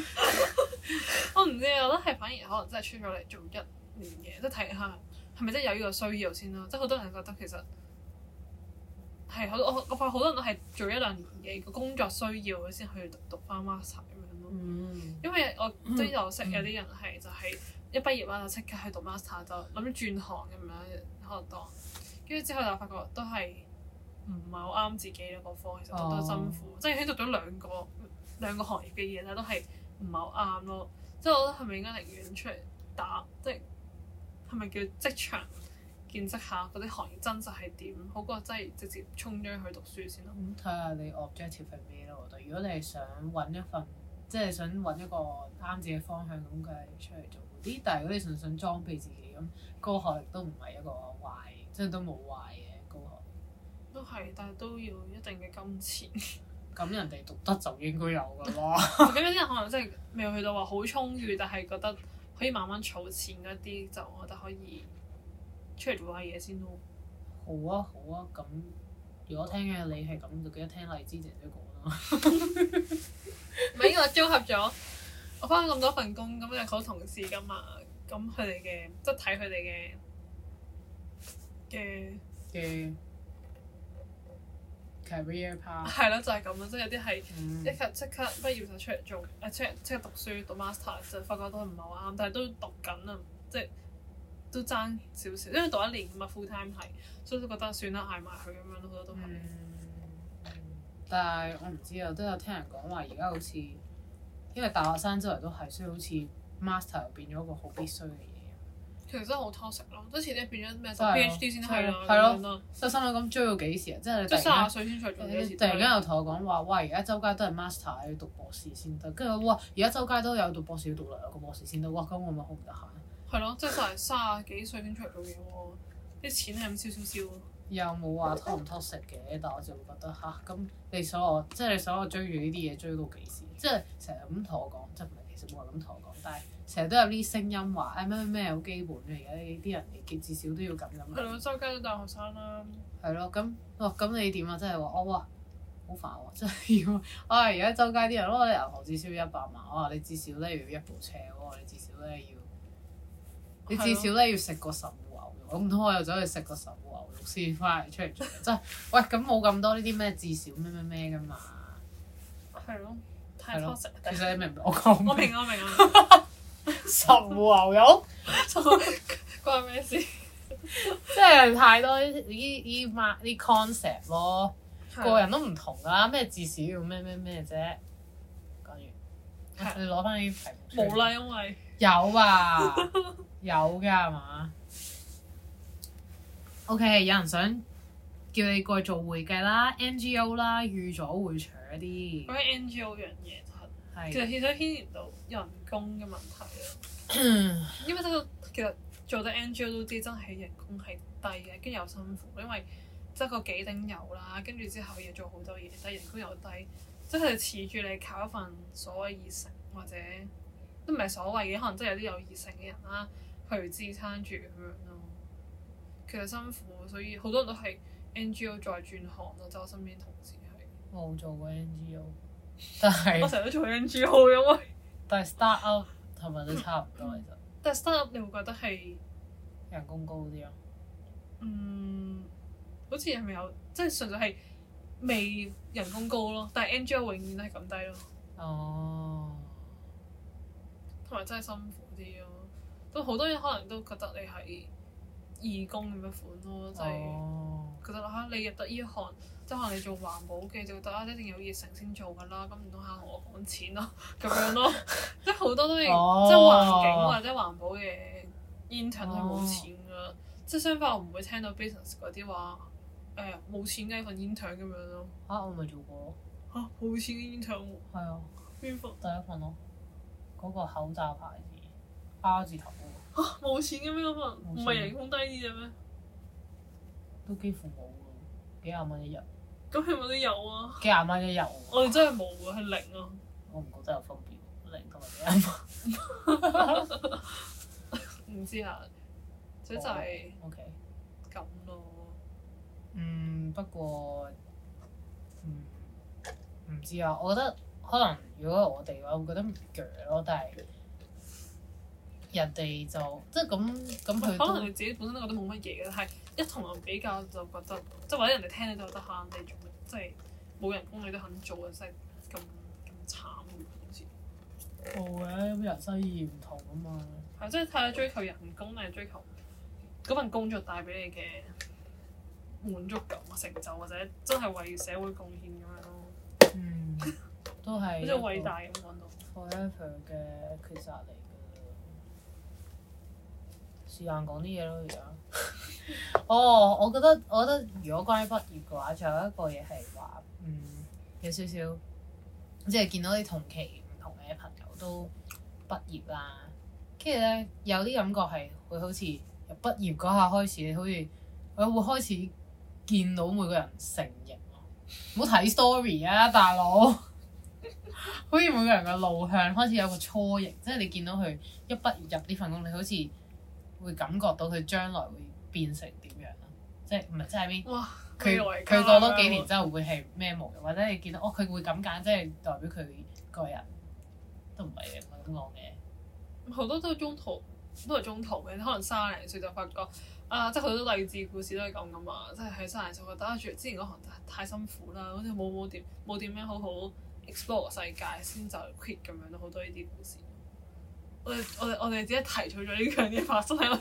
我唔知啊。我覺得係反而可能真係出咗嚟做一年嘢，即係睇下係咪真係有呢個需要先啦。即係好多人覺得其實。係好，我我發覺好多人都係做一輪嘢，個工作需要，先去讀、嗯、讀翻 master 咁樣咯。嗯、因為我即係、嗯、我識、嗯、有啲人係就係一畢業啦，就即刻去讀 master，就諗轉行咁樣可能當。跟住之後就發覺都係唔係好啱自己咧個科，哦、其實都都辛苦。即係喺讀咗兩個兩個行業嘅嘢咧，都係唔係好啱咯。即係我覺得係咪應該寧願出嚟打，即係係咪叫職場？見識下嗰啲行業真實係點，好過真係直接衝咗去讀書先咯。咁睇下你 objective 係咩咯？我覺得如果你係想揾一份，即係想揾一個啱自己方向咁梗係出嚟做啲，但係如果你純粹裝備自己咁，高、那個、學歷都唔係一個壞，即係、那個、都冇壞嘅高個。都係，但係都要一定嘅金錢。咁 人哋讀得就應該有㗎啦。咁 有啲人可能即係未去到話好充裕，但係覺得可以慢慢儲錢嗰啲，就我覺得可以。出嚟做下嘢先咯、啊。好啊好啊，咁如果聽嘅你係咁，就記得聽荔枝姐姐講啦。咪 係， 因為我綜合咗我翻咗咁多份工，咁又好多同事噶嘛，咁佢哋嘅即係睇佢哋嘅嘅嘅 career path 係咯，就係咁咯，即係有啲係即刻即刻畢業就出嚟做，mm. 啊出嚟即刻讀書讀 master 就發覺都唔係好啱，但係都讀緊啊，即係。都爭少少，因為讀一年咁啊，full time 係，所以都覺得算啦，捱埋佢咁樣咯，好多都係、嗯。但係我唔知啊，都有聽人講話，而家好似因為大學生周圍都係，所以好似 master 變咗一個好必須嘅嘢。其實真係好偷食咯，好似前年變咗咩、哦、PhD 先係啦，係咯對樣，即心諗咁追到幾時啊？即係卅歲先才追。突然間又同我講話，喂，而家周街都係 master 要讀博士先得，跟住哇，而家周街都有讀博士要讀兩個博士先得，哇！咁我咪好唔得閒。係咯， 即係成三啊幾歲先出嚟做嘢喎，啲錢係咁少少少。又冇話拖唔拖食嘅，但我就會覺得吓，咁、啊、你所我即係你所我追住呢啲嘢追到幾時？即係成日咁同我講，即係唔係其實冇話咁同我講，但係成日都有啲聲音話，誒咩咩咩好基本嘅，而家啲人嘅至少都要咁樣。係咯，周街都大學生啦。係咯，咁、哦哦、哇咁你點啊？即係話哦，話好煩喎，即係要啊！而家周街啲人，我話你銀行至少要一百萬，我話你至少咧，要一部車喎，你至少咧要。啊你至少咧要食個神戶牛肉，我唔通我又走去食個神戶牛肉先翻嚟出嚟做，即係喂咁冇咁多呢啲咩至少咩咩咩噶嘛，係咯，太 concept，其實你明唔明我講我明我明啊，神戶牛肉關咩事？即係太多呢啲呢啲 concept 咯，個人都唔同㗎啦，咩至少要咩咩咩啫，講完，你攞翻啲題目，冇啦，因為有啊。有㗎係嘛？O.K. 有人想叫你過去做會計啦，NGO 啦，預咗會一啲。講緊 NGO 樣嘢就係，其實其實牽連到人工嘅問題咯。 因為真、就、係、是、其實做得 NGO 都知，真係人工係低嘅，跟住又辛苦，因為即係個幾頂油啦，跟住之後要做好多嘢，但係人工又低，即、就、係、是、恃住你靠一份所謂熱誠或者都唔係所謂嘅，可能真係有啲有熱誠嘅人啦。隨資撐住咁樣咯，其實辛苦，所以好多人都係 NGO 再轉行咯。就我，我身邊同事係冇做過 NGO，但係我成日都做 NGO，因為但係 start up 同埋都差唔多其實。 但係 start up 你會覺得係人工高啲咯？嗯，好似係咪有即係純粹係未人工高咯？但係 NGO 永遠都係咁低咯。哦，同埋真係辛苦啲咯。都好多人可能都覺得你係義工咁樣款咯，即係、oh. 覺得嚇你入得呢一行，即係可能你做環保嘅，就覺得一定有熱誠先做噶啦，咁唔通嚇我講錢咯，咁 樣咯，即係好多都係即係環境或者環保嘅 intern 都冇錢噶，即係、oh. 相反我唔會聽到 business 嗰啲話誒冇、呃、錢嘅份 intern 咁樣咯。吓、啊，我咪做過嚇，冇錢嘅 intern 係啊，邊份、啊？ 啊、第一份咯、啊，嗰、那個口罩牌叉字頭喎，冇錢嘅咩？嗰份唔係人工低啲啫咩？都幾乎冇喎，幾廿蚊一日。咁佢咪都有啊？幾廿蚊一日喎、啊。我哋真係冇嘅，係零啊！我唔覺得有分別，零同埋幾廿蚊。唔知啊，所以就係 O.K. 咁咯。嗯，不過，嗯，唔知啊。我覺得可能如果我哋嘅話，會覺得鋸咯，但係。人哋就即係咁咁可能你自己本身都覺得冇乜嘢嘅，但係一同人比較就覺得，即係或者人哋聽你就覺得嚇人哋做咩，即係冇人工你都肯做啊，即係咁咁慘嘅好似。冇嘅，每人、哦、生意唔同啊嘛。係即係睇下追求人工定係追求嗰份工作帶俾你嘅滿足感、成就，或者真係為社會貢獻咁樣咯。嗯，都係。好似偉大咁講到。Forever 嘅、嗯、決策嚟。時間講啲嘢咯，而家。 哦，我覺得我覺得，如果關於畢業嘅話，仲有一個嘢係話，嗯，有少少，即係見到啲同期唔同嘅朋友都畢業啦。跟住咧，有啲感覺係會好似由畢業嗰下開始，你好似佢會開始見到每個人成形。唔好睇 story 啊，大佬！ 好似每個人嘅路向開始有個初型。即係你見到佢一畢業入呢份工，你好似～會感覺到佢將來會變成點樣啊？即係唔係即係邊？佢佢哇他過多幾年之後會係咩模樣？ 或者你見到哦佢會咁揀，即係代表佢個人都唔係嘅咁講嘅。好多都中途都係中途嘅，可能三十零歲就發覺啊，即係好多勵志故事都係咁噶嘛，即係喺三十零歲覺得住之前嗰行太，太辛苦啦，好似冇冇點冇點樣好好 explore 世界先就 quit 咁樣咯，好多呢啲故事。我哋我哋我哋只係提取咗呢樣嘢發生，因為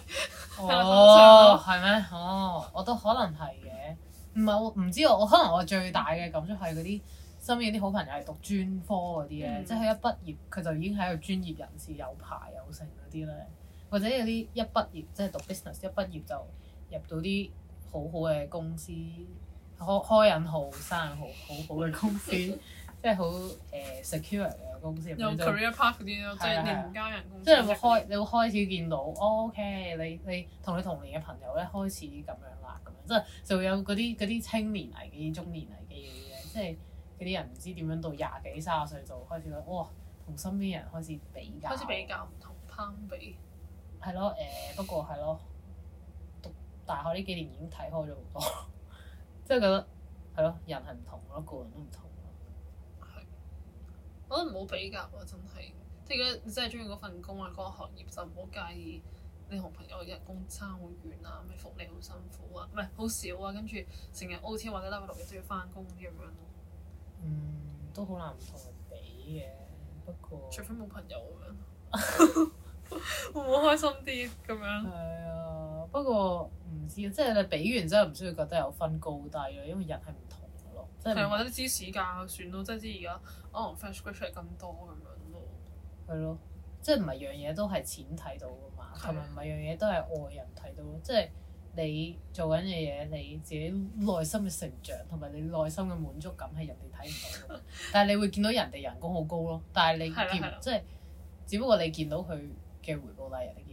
聽落係咩？哦，oh, 我都可能係嘅。唔係，我唔知我，可能我最大嘅感觸係嗰啲身邊啲好朋友係讀專科嗰啲嘅，mm. 即係一畢業佢就已經喺度專業人士有牌有成嗰啲咧。或者有啲一畢業即係讀 business，一畢業就入到啲好好嘅公司，開開引號、生引號，好好嘅公司，即係好誒 secure 嘅。公司又 Career Park 嗰啲咯，即係你唔加人工，司。即係會開，你會開始見到，OK，你你同你同年嘅朋友咧開始咁樣啦，咁樣即係就會有嗰啲啲青年危機、中年危機嗰啲，即係嗰啲人唔知點樣到廿幾三十歲就開始覺得，哇，同身邊人開始比較，開始比較唔同，攀比。係咯，誒，不過係咯，讀大學呢幾年已經睇開咗好多，即係覺得係咯，人係唔同咯，個人都唔同。我覺得唔好比較啊，真係，即係如果你真係中意嗰份工啊、嗰、嗰個行業就唔好介意你同朋友人工差好遠啊，咪福利好辛苦啊，唔係好少啊，跟住成日 O T 或者六日都要翻工咁樣咯。嗯，都好難唔同人比嘅，不過除非冇朋友咁 會會樣，會唔會開心啲咁樣。係啊，不過唔知啊，即係你比完之後唔需要覺得有分高低啦，因為人係唔同。係或者芝士價算咯、哦，即係知而家可能 fresh grad 係咁多咁樣咯。係咯，即係唔係樣嘢都係錢睇到㗎嘛？同埋唔係樣嘢都係外人睇到咯。是的 即係你做緊嘅嘢，你自己內心嘅成長同埋你內心嘅滿足感係人哋睇唔到。 但係你會見到人哋人工好高咯。但係你見即係，只不過你見到佢嘅回報率。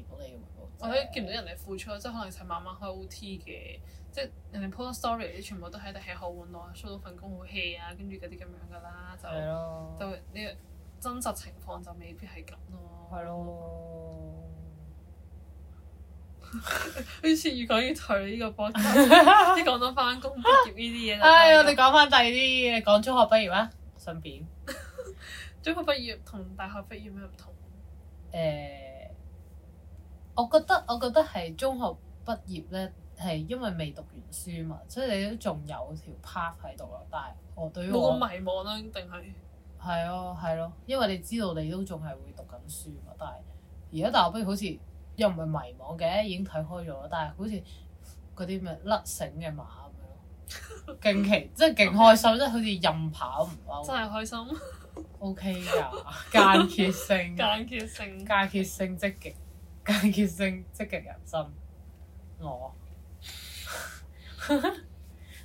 我睇見唔到人哋付出，即係可能係慢慢開 OT 嘅，即係人哋 post story 全部都喺度食喝玩樂 show 到份工好 hea 啊，跟住嗰啲咁樣噶啦，就就呢真實情況就未必係咁咯。係咯。好似越講越退呢個波，即係講到翻工畢業呢啲嘢。哎，我哋講翻第二啲嘢。講中學畢業啊，順便。中學畢業同大學畢業咩唔同？誒。我覺得我覺得係中學畢業咧，係因為未讀完書嘛，所以你都仲有條 part 喺度啦。但係我對我迷惘啦，定係係啊，係咯、啊，因為你知道你都仲係會讀緊書嘛。但係而家大學畢業好似又唔係迷茫嘅，已經睇開咗。但係好似嗰啲咩甩繩嘅馬咁樣，近期即係勁開心，即係好似任跑唔跑。真係開心。O K 噶，間歇性，間歇 性，間歇性積極。解決性積極人心。我，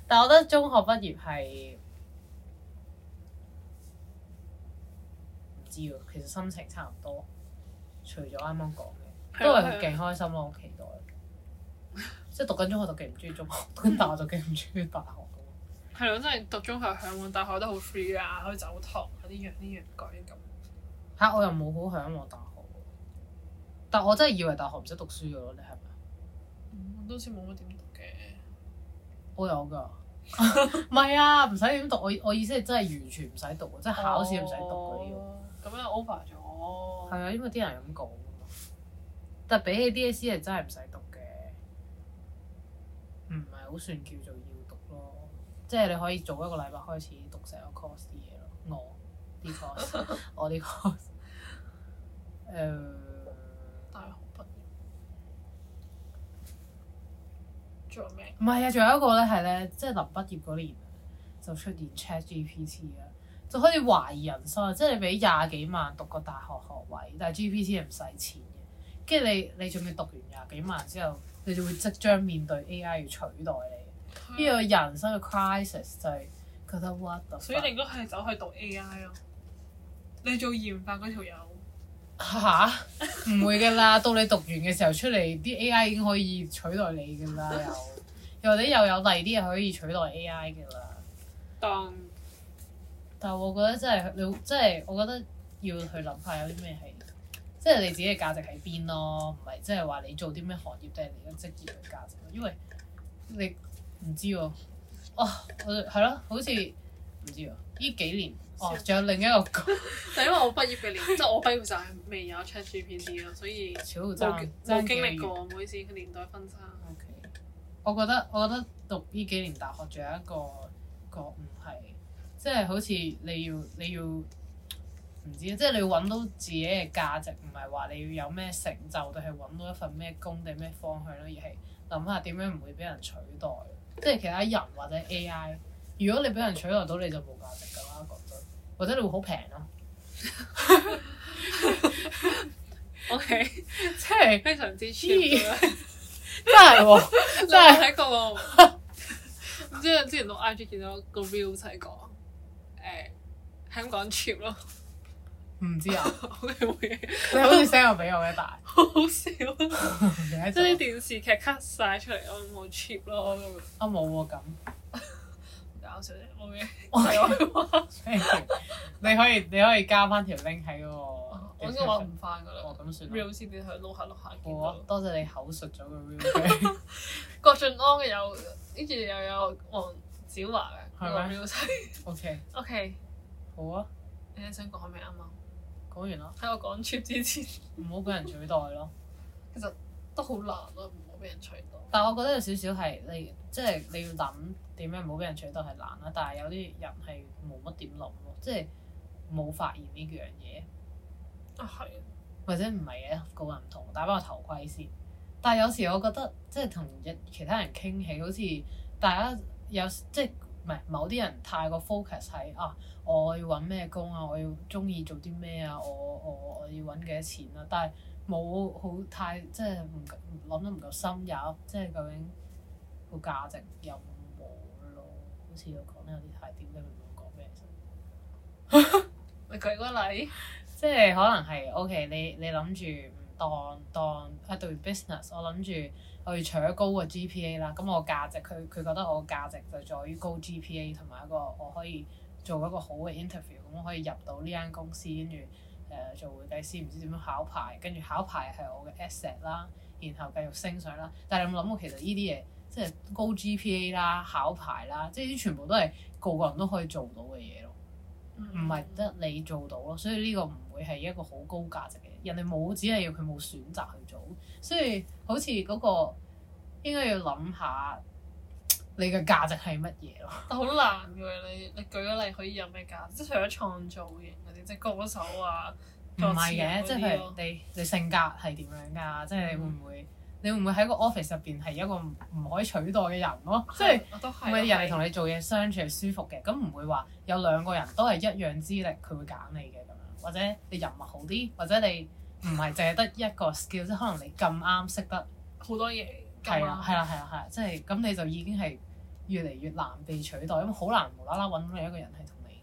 但係我覺得中學畢業係唔知喎，其實心情差唔多，除咗啱啱講嘅，都係勁開心咯，我好期待。即係讀緊中學就勁唔中意中學，讀緊 大學就勁唔中意大學嘅喎。係咯，真係讀中學嚮往大學都好 free 啊，可以走堂嗰啲樣，呢樣嗰樣咁。嚇、啊！我又冇好嚮往大學。但我真係以為大學唔使讀書嘅咯，你係咪？我都係冇乜點讀嘅。我有㗎。唔係啊，唔使點讀。我我意思係真係完全唔使讀，即係考試唔使讀嗰啲。咁、哦、樣 over 咗。係啊，因為啲人咁講。但係比起 DSE 係真係唔使讀嘅，唔係好算叫做要讀咯。即係你可以早一個禮拜開始讀成個 course 啲嘢咯。我啲 我啲 course、呃。誒。做咩？唔係啊，仲有一個咧，係咧，即係臨畢業嗰年就出現 ChatGPT 啊，就開始懷疑人生啊！即係你俾廿幾萬讀個大學學位，但係 GPT 係唔使錢嘅，跟住你你仲要讀完廿幾萬之後，你就會即將面對 AI 要取代你，呢個 人生嘅 crisis 就係覺得 what 所以你應該係走去讀 AI 咯，啊，你做研發嗰條友。嚇唔會嘅啦，到你讀完嘅時候出嚟，啲 A.I. 已經可以取代你嘅啦，又又或者又有第二啲嘢可以取代 A.I. 嘅啦。當，但係我覺得真係你真係我覺得要去諗下有啲咩係，即係你自己嘅價值喺邊咯，唔係即係話你做啲咩行業定係你嘅職業嘅價值，因為你唔知喎、啊，啊我係咯、啊，好似唔知喎呢、啊、幾年。哦，仲有另一個角，就 因為我畢業嘅年， 即係我畢業就係未有 ChatGPT 咯，所以冇冇經歷過，唔 好意思，年代分差。O.K. 我覺得我覺得讀呢幾年大學仲有一個覺悟係，即係好似你要你要唔知啊，即係你要揾到自己嘅價值，唔係話你要有咩成就，定係揾到一份咩工定咩方向咯，而係諗下點樣唔會俾人取代，即係其他人或者 AI。如果你俾人取代到，你就冇價值噶啦，講真，或者你會好平咯。O K，即係非常之 cheap，真係喎，真係喺個，唔知之前我 I G 見到個 real 齊講，誒，香港 cheap 咯，唔知啊，你好似 send 我俾我一大，好好笑，即係啲電視劇 cut 晒出嚟，我冇 cheap 咯，啊冇喎咁。冇嘢。你可以你可以加翻條 link 喺嗰個。 我先玩唔翻噶啦。哦、oh，咁算俾佢錄下錄下。好啊，多謝你口述咗個 real 郭晉 安嘅有，跟住又有黃子華嘅。係咩？OK OK，好啊。你想講咩啱啱媽。講完啦。喺我講出之前，唔好俾人取代咯。其實都好難啊。但係我覺得有少少係你，即係你要諗點樣冇好俾人取代係難啦。但係有啲人係冇乜點諗咯，即係冇發現呢樣嘢。啊係。或者唔係嘅個人唔同，戴翻個頭盔先。但係有時我覺得即係同其他人傾起，好似大家有即係唔係某啲人太過 focus 喺啊，我要揾咩工啊，我要中意做啲咩啊，我我我要揾幾多錢啊，但係。冇好太即係唔唔諗得唔夠深入，即係究竟個價值有冇咯？好似我講啲太啲，你唔知我講咩。你舉個例， 即係可能係 O.K. 你你諗住唔當當喺度 business，我諗住去取高個 GPA 啦。咁我價值佢佢覺得我價值就在於高 GPA 同埋一個我可以做一個好嘅 interview，咁我可以入到呢間公司跟住。誒做會計師唔知點樣考牌，跟住考牌係我嘅 asset 啦，然後繼續升上啦。但係你有冇諗過其實呢啲嘢，即係高 GPA 啦、考牌啦，即係啲全部都係個個人都可以做到嘅嘢咯，唔係得你做到咯。所以呢個唔會係一個好高價值嘅嘢，人哋冇只係要佢冇選擇去做。所以好似嗰個應該要諗下。你嘅價值係乜嘢咯？但係好難嘅喎，你你舉個例可以有咩價值？即係除咗創造型嗰啲，即係歌手啊，唔係嘅，些即係你、嗯、你性格係點樣㗎？即係會唔會你會唔會喺個 office 入邊係一個唔可以取代嘅人咯，啊？即係咪人哋同你做嘢相處係舒服嘅？咁唔會話有兩個人都係一樣資歷，佢會揀你嘅咁樣，或者你人脈好啲，或者你唔係淨係得一個 skill，即係可 能你咁啱識得好多嘢。係啊，係啊，係啊，即係咁你已就已經係。越嚟越難被取代，因為好難無啦啦揾另一個人係同你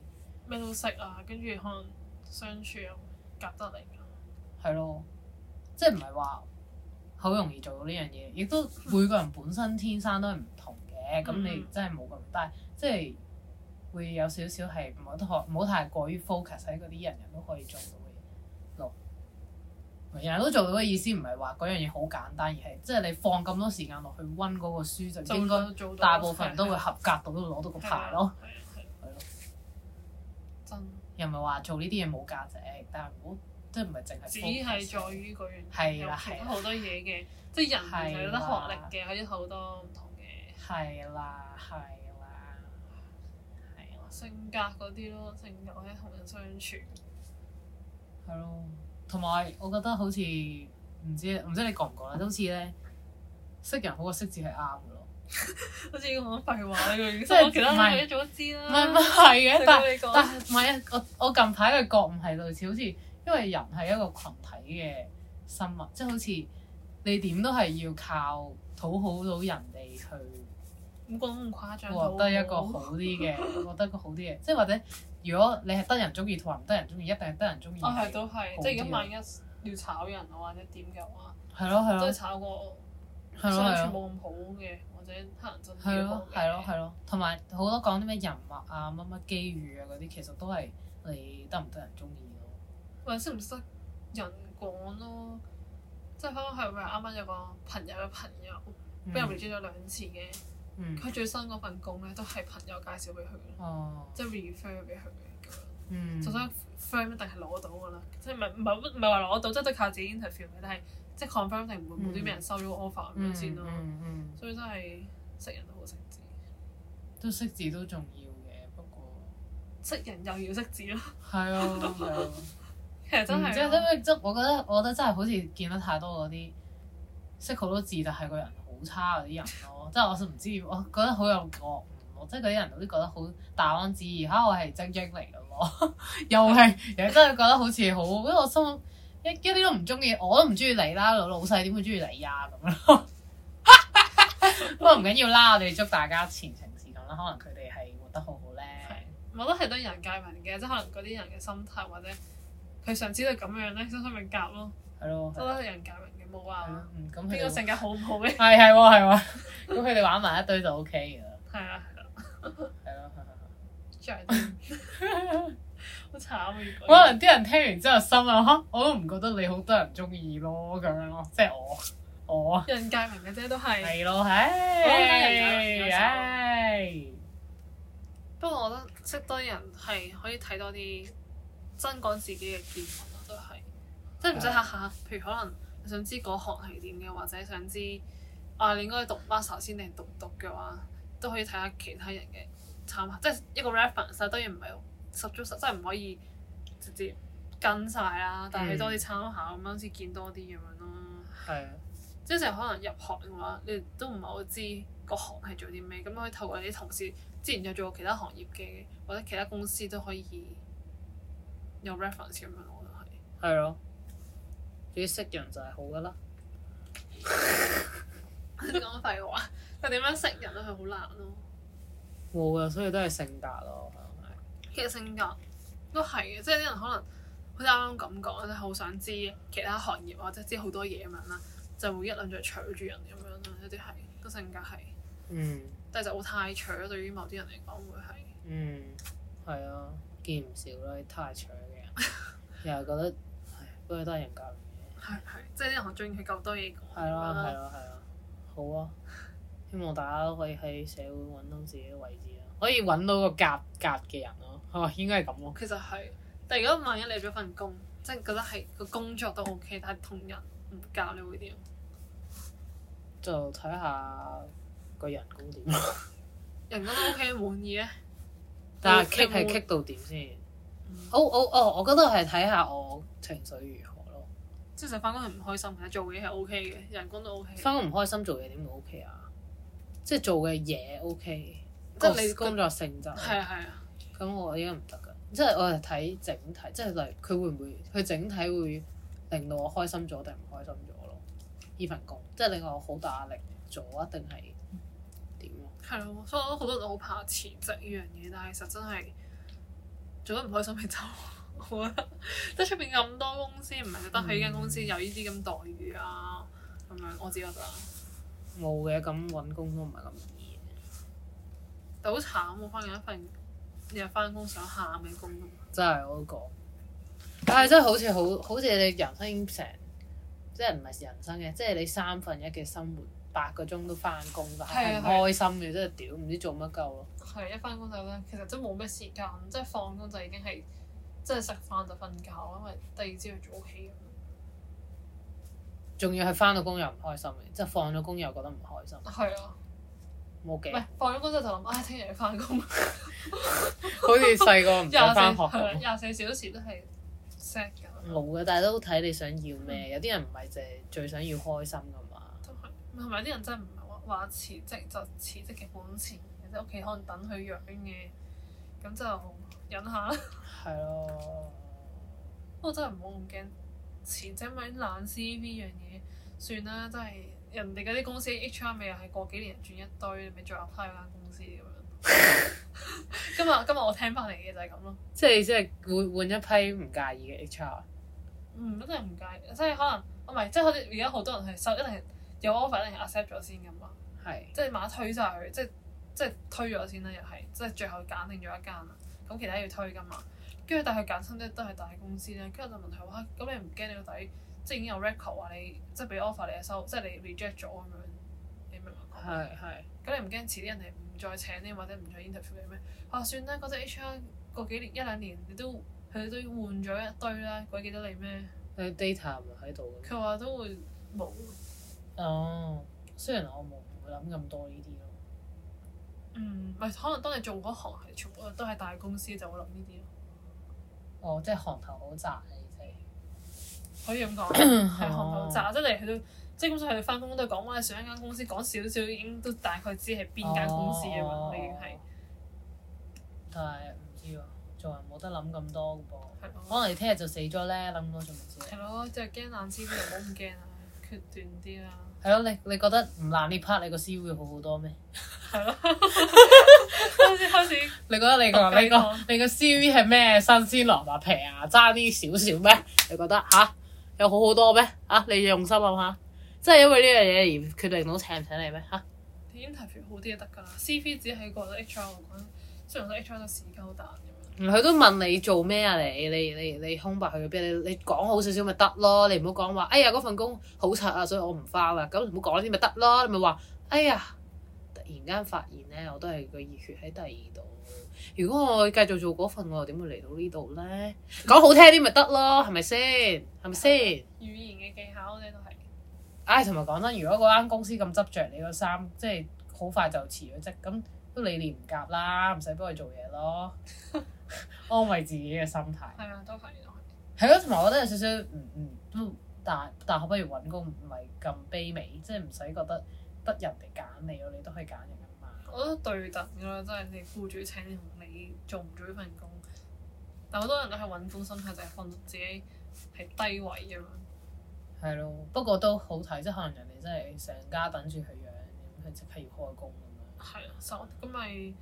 咩都識啊，跟住可能相處又夾得嚟。係咯，即係唔係話好容易做到呢樣嘢？亦都每個人本身天生都係唔同嘅，咁、嗯、你真係冇咁，但係即係會有少少係唔好太唔好太過於 focus 喺嗰啲人人都可以做到。人人都做到嘅意思，唔係話嗰樣嘢好簡單，而係即係你放咁多時間落去温嗰個書就應該大部分都會合格到攞到個牌咯。係咯，真又唔係話做呢啲嘢冇價值，但係我即係唔係淨係只係在於嗰樣嘢係啦，好多嘢嘅，即係人唔係得學歷嘅，係好多唔同嘅。係啦，係啦，係性格嗰啲咯，性格咧同人相處係咯。同埋我覺得好似唔知唔知你講唔講啦，好似咧，識人好過識字係啱嘅咯。 好似講廢話咧，即 我其他你早知啦。唔係唔係嘅，但係唔係啊！我我近排嘅覺唔係類似，好似因為人係一個群體嘅生物，即係好似你點都係要靠討好到人哋去。唔覺得咁誇張，得一個好啲嘅， 我覺得一個好啲嘅，即係或者如果你係得人中意，同埋唔得人中意，一定係得人中意。哦，都係，即係如果萬一要炒人或者點嘅話，係咯係咯，即係炒個聲譽冇咁好嘅，或者可能真係係咯係咯係咯，同埋好多講啲咩人物啊乜乜機遇啊嗰啲，其實都係你得唔得人中意咯。或者識唔識人講咯，即係可能係，咪啱啱有個朋友嘅朋友俾人哋知咗兩次嘅。佢最新嗰份工咧都係朋友介紹俾佢，即係 refer 俾佢嘅咁樣。首先，firm 一定係攞到㗎啦，即係唔唔唔唔係話攞到，即係都靠自己 interview 但係即係 confirm 定唔會冇啲咩人收咗 offer 咁樣先咯。所以真係識人都好識字，都識字都重要嘅。不過識人又要識字咯。係啊，其實真係。唔知點解真係，我覺得我覺得真係好似見得太多嗰啲識好多字，但係個人好差嗰啲人即係我唔知，我覺得好有惡，即係嗰啲人都啲覺，覺得好大安旨意，嚇我係精英嚟嘅喎，又係，又真係覺得好似好，因為我心諗一一啲都唔中意，我都唔中意你啦，老老細點會中意你呀咁樣咯，呵呵，不過唔緊要啦，我哋祝大家前程似錦啦，可能佢哋係活得好好咧。我都係得人介文嘅，即係可能嗰啲人嘅心態或者佢上次都咁樣咧，咁所以咪夾咯。係咯，我都係人介文。冇啊，嘛，呢個性格好唔好咧？係係喎，係喎，咁佢哋玩埋一堆就 OK 噶啦。係啊，係啦，係啦，係係係。好慘啊！可能啲人聽完之後心諗，嚇，我都唔覺得你好多人中意咯，咁樣咯，即係我我。我人界明嘅啫，都係了。係咯，係。欸、不過我覺得識多人係可以睇多啲增廣自己嘅見聞咯，都係、就是。即係唔使嚇下，譬如可能。想知嗰行係點嘅，或者想知啊你應該讀 master 先定讀唔讀嘅話，都可以睇下其他人嘅參考，即係一個 reference，當然唔係十足十，即係唔可以直接跟晒啦。但係多啲參考咁樣先見多啲咁樣咯。係是啊，即係可能入行嘅話，你都唔係好知個行係做啲咩，咁可以透過你啲同事之前有做過其他行業嘅，或者其他公司，都可以有 reference，咁樣我覺得係。係咯。啲識人就係好噶啦。你講廢話，佢點 樣識人啊？佢好難咯。冇啊，所以都係性格咯，其實性格都係嘅，即係啲人可能好似啱啱咁講咧，好剛剛、就是、想知其他行業或者知好多嘢文啦，就會一兩就搶住人咁樣咯。有啲係個性格係，嗯、但係就會太搶。對於某啲人嚟講，會係。嗯。係啊，見唔少啦，啲太搶嘅人，又係 覺得，不過都係人格。係係，即係啲人好中意佢夠多嘢，啊。係咯係咯係咯，好啊！希望大家可以喺社會揾到自己嘅位置啊，可以揾到個夾格嘅人咯，啊。哦、啊，應該係咁咯。其實係，但係如果萬一你做咗份工，即係覺得係個工作都 OK，但係同人唔夾你會點？就睇下個人工點咯。人工 OK 滿意咧，但係傾係傾到點先？O O 哦，嗯、oh, oh, oh, 我覺得係睇下我情緒如何。即係成日返工係唔開心嘅，做嘢係 O K 嘅，人工都 O K。返工唔開心，做嘢點會 O K 啊？即係做嘅嘢 O K，即係你工作性質、就係。係啊係啊，咁我依家唔得㗎。即係我係睇整體，即係佢會唔會佢整體會令到我開心咗定唔開心咗咯？呢份工即係令我好大壓力做一定係點啊？係咯，所以我好多人都好怕辭職呢樣嘢，但係其實真係做得唔開心咪走。好啊！即出邊咁多公司，唔係得喺呢間公司有呢啲咁待遇啊，咁樣、嗯、我只覺得冇嘅。咁揾工都唔係咁易，就好慘，我翻緊一份日日翻工想喊嘅工，真係我都講。但係真係好似好好似你人生成，即係唔係人生嘅，即、就、係、是、你三分一嘅生活，八個鐘都翻工，翻唔、啊、開心嘅，真係屌唔知做乜鳩咯。係、啊、一翻工就咧，其實真冇咩時間，即係放工就已經係。即係食飯就瞓覺，因為第二朝要早起咁，仲要係翻到工又唔開心嘅，即係放咗工又覺得唔開心。係啊了，冇嘅怕。唔係放咗工就係諗，唉、哎，聽日要翻工。好似細個唔想翻學廿四 24, 小時都係 sad 嘅。冇嘅、嗯，但係都睇你想要咩。有啲人唔係淨係最想要開心㗎嘛。都係，係咪啲人真係唔係話辭職就辭職嘅本錢，即係屋企可能等佢養嘅，咁就。忍下，係咯。不過真係唔好咁驚，前者咪懶 CV 樣嘢算啦。真係人哋嗰啲公司 HR 咪又係過幾年轉一堆，咪再入翻嗰間公司咁樣。今日今日我聽翻嚟嘅就係咁咯。即係即係換換一批唔介意嘅 HR。嗯，真係唔介意，即係可能唔係，即係而家好多人係收一定係有 offer 一定係 accept 咗先噶嘛。係。即係萬一推曬佢，即係即係推咗先啦，又係即係最後揀定咗一間。咁其他要推㗎嘛，跟住但係佢揀親咧都係大公司咧，跟住我就問佢話，咁你唔驚你個底即係已經有 record 話你，即係俾 offer 你嘅收，即係你 reject 咗咁樣你明唔明？係係，咁你唔驚遲啲人哋唔再請你或者唔再 interview 你咩？啊算啦，嗰啲 HR 個, r, 個幾年一兩年你都佢都換咗一堆啦，鬼記得你咩？你 data 咪喺度？佢話都會冇。哦，oh, 雖然我冇諗咁多呢啲咯。嗯，唔係可能當你做嗰行係全部都係大公司，就會諗呢啲咯。哦，即係行頭好窄，真係。可以咁講？係行頭窄，即係你去到，即係咁所以去返工都係講話上一間公司，講少少少已經都大概知係邊間公司啊嘛，已經係。但係唔知喎，做人冇得諗咁多噃。係哦、可能你聽日就死咗咧，諗多仲唔知。係咯、哦，就係、是、驚冷戰，唔好咁驚啊，決斷啲啦、啊。係咯，你你覺得唔爛呢 part，你個 CV 會好好多咩？係 咯，開始開始。你覺得你個 你個你個 CV 係咩新鮮蘿蔔皮啊？差啲少少咩？你覺得吓、啊？有好好多咩？吓、啊？你用心諗下，真係因為呢樣嘢而決定到請唔請你咩？吓？interview 好啲就得㗎啦，CV 只係得 HR 講，雖然得 HR 都屎鳩大。佢都問你做咩啊？你你你你空白去咗邊？你你講好少少咪得咯。你唔好講話，哎呀嗰份工好柒啊，所以我唔返啦。咁唔好講呢啲咪得咯。你咪話，哎呀，突然間發現咧，我都係個熱血喺第二度。如果我繼續做嗰份，我又點會嚟到呢度咧？講好聽啲咪得咯，係咪先？係咪先？語言嘅技巧咧都係。唉、哎，同埋講真，如果嗰間公司咁執着你個衫，即係好快就辭咗職，咁都理念唔夾啦，唔使幫佢做嘢咯。 安慰自己嘅心態，係啊，都係，係咯，同埋、啊、我覺得有少少唔唔都，大但係不如揾工唔係咁卑微，即係唔使覺得得人哋揀你，我哋都可以揀人啊嘛。我覺得對等噶咯，即係你僱主請你，同你做唔到呢份工，但好多人都係揾工心態，就係放自己係低位啊嘛。係咯，不過都好睇，即係可能人哋真係成家等住佢養，佢即刻要開工咁樣。係啊，實咁咪。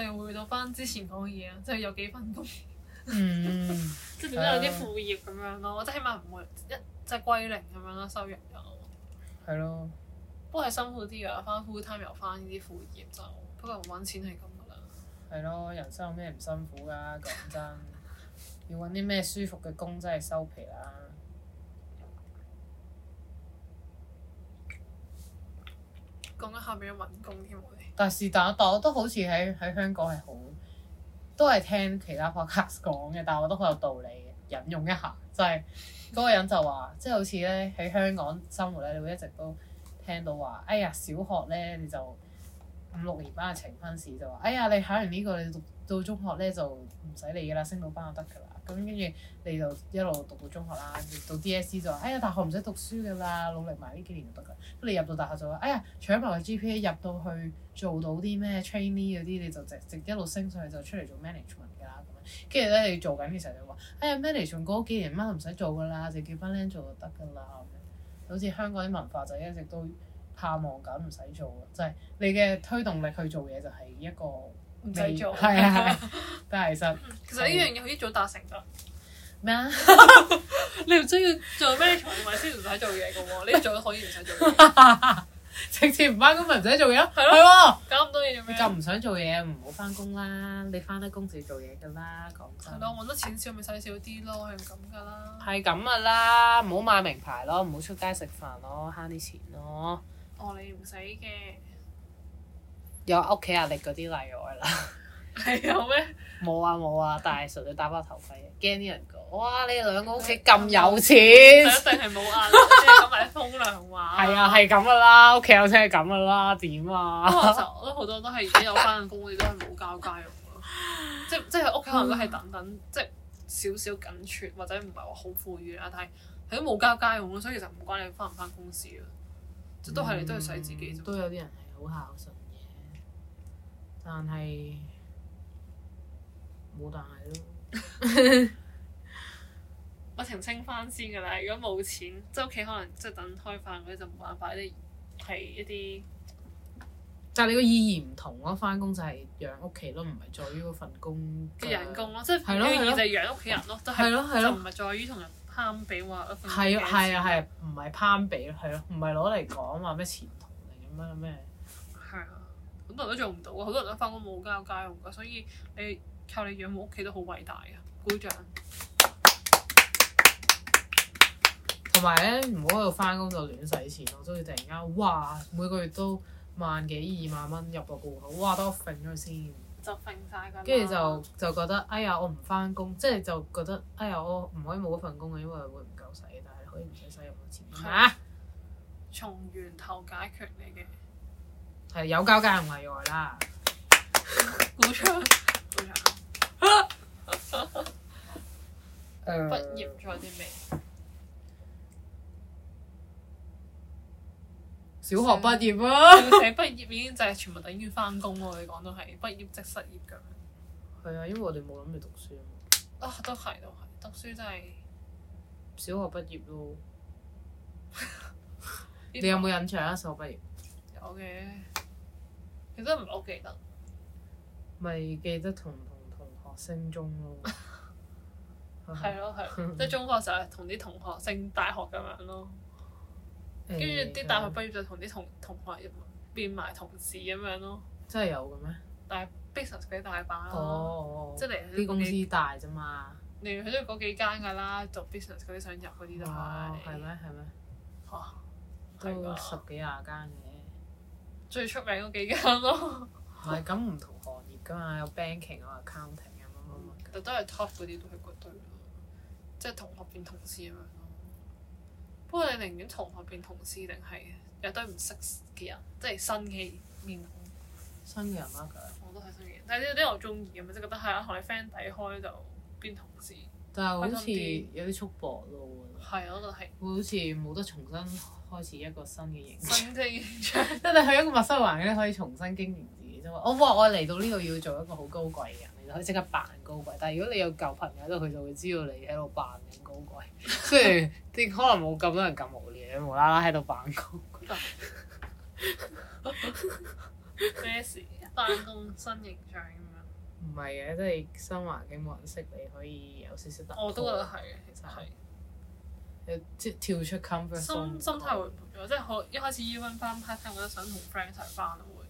就回到翻之前講嘅嘢啊，即、就、係、是、有幾份工，即係點解有啲副業咁、啊就是、樣咯，即係起碼唔會一即係歸零咁樣啦，收入又係咯，不過係辛苦啲啊，翻 fulltime 又翻呢啲副業就，不過揾錢係咁噶啦。係咯，人生有咩唔辛苦噶、啊？講真 要，要揾啲咩舒服嘅工真係收皮啦。講一下面啲揾工添？但是但，但我都好似喺喺香港係好，都係聽其他 podcast 講嘅，但我覺得好有道理引用一下，就係、是、嗰個人就話，即、就、係、是、好似咧喺香港生活咧，你會一直都聽到話，哎呀，小學咧你就五六年班嘅呈分試就話，哎呀你考完呢、這個你讀到中學咧就唔使理㗎啦，升到班就得㗎啦。咁跟住你就一路讀到中學啦，到 DSE 就話：哎呀，大學唔使讀書㗎啦，努力埋呢幾年就得㗎。咁你入到大學就話：哎呀，搶埋個 GPA 入到去做到啲咩 trainee 嗰啲，你就直直一路升上去就出嚟做 management 㗎啦。咁樣跟住咧，你做緊嘅時候就話：哎呀，management 嗰幾年乜都唔使做㗎啦，就叫翻僆做就得㗎啦。好似香港啲文化就一直都盼望緊唔使做，就係你嘅推動力去做嘢就係一個。唔使做，係係，但係其實其實呢樣嘢可以做達成噶。咩啊？你唔需要做咩長遠，雖然唔使做嘢嘅喎，你做咗可以唔使做嘢。直接唔翻工咪唔使做嘢咯，係咯，搞咁多嘢做咩？就唔想做嘢，唔好翻工啦。你翻得工就要做嘢嘅啦，講真。係咯，我揾得錢少咪使少啲咯，係咁噶啦。係咁噶啦，唔好買名牌咯，唔好出街食飯咯，慳啲錢咯。哦，你唔使嘅。有屋企壓力嗰啲例外啦，係 有咩、啊？冇啊冇啊，但係純粹打翻頭盔。驚啲人講，哇！你哋兩個屋企咁有錢， 一定係冇壓力！即係講埋啲風涼話，係啊係咁噶啦，屋企有錢係咁噶啦，點啊？其實好多都係已經有翻工有，嗰啲 都係冇交家用即即係屋企可能都係等等，即係少少緊缺或者唔係話好富裕啦，但係佢都冇交家用，所以其實唔關你翻唔翻工事啊，即都係都要使自己、嗯。都有啲人係好孝順。但係冇但係咯，我澄清翻先噶啦。如果冇錢，即係屋企可能即係等開飯嗰啲就冇辦法，一啲係一啲。但係你個意義唔同咯、啊，翻工就係養屋企咯，唔係在於嗰份工嘅人工咯，即係意義就係、是、養屋企人咯，都係就唔係在於同人攀比話。係啊係啊係，唔係攀比咯，係咯，唔係攞嚟講話咩前途定咩咩。好多人都做唔到，好多人都翻工冇交家用㗎，所以你靠你養冇屋企都好偉大啊！鼓掌。同埋咧，唔好喺度翻工就亂使錢。我中意突然間哇每個月都萬幾二萬蚊入個戶口，哇！都肥咗先，就肥曬。跟住就就覺得哎呀，我唔翻工，即係就覺得哎呀，我唔可以冇咗份工嘅，因為會唔夠使，但係可以唔使使咁多錢。嚇、啊！從源頭解決你嘅。係有交界唔例外啦，鼓掌，鼓掌。畢業仲有啲咩？學小學畢業啊！小學畢業已經就係全部等於翻工咯。你講到係畢業即失業咁樣。係啊，因為我哋冇諗住讀書啊嘛。啊，都係都係，讀書真係小學畢業咯。 業你有冇印象啊？小學畢業有嘅。其實唔係好記得，咪記得同同同學升中咯，係咯係咯，即係中學時候同啲同學升大學咁樣咯，跟住啲大學畢業就同啲同同學變埋同事咁樣咯。真係有嘅咩？但係 business 幾大把咯，oh, oh, oh, oh。即係嚟啲公司大啫嘛。你嚟去都嗰幾間㗎啦，做 business 嗰啲想入嗰啲就係。哦、oh，係咩係咩？嚇、啊，都十幾廿間。最出名嗰幾間咯，係咁唔同行業㗎嘛，有 banking 啊，accounting 啊咁樣、嗯，其實都係 top 嗰啲都係一堆咯，即係同學變同事咁樣咯。不過你寧願同學變同事，定係有堆唔識嘅人，即係新嘅面孔？新嘅人啊，其實我都係新嘅人，但係有啲我中意㗎嘛，即、就、係、是、覺得係啊，同你 friend 底開就變同事。但係好似有啲束縛咯，我覺得。係，我覺得。會好似冇得重新。 開始一個新嘅形象，新嘅形象，即係你去一個陌生嘅環境，可以重新經營自己啫嘛。我話我嚟到呢度要做一個好高貴嘅人，你可以即刻扮高貴。但係如果你有舊朋友喺度，佢就會知道你喺度扮緊高貴。即係點可能冇咁多人咁無聊，無啦啦喺度扮高貴。咩 事？扮公新形象咁樣？唔係嘅，即係新環境冇人識你，可以有少少突破。我都覺得係嘅，其實係。 又即跳出 comfort zone 心心態換咗，即係可一開始 even 翻 part time，我都想同 friend 一齊翻咯。會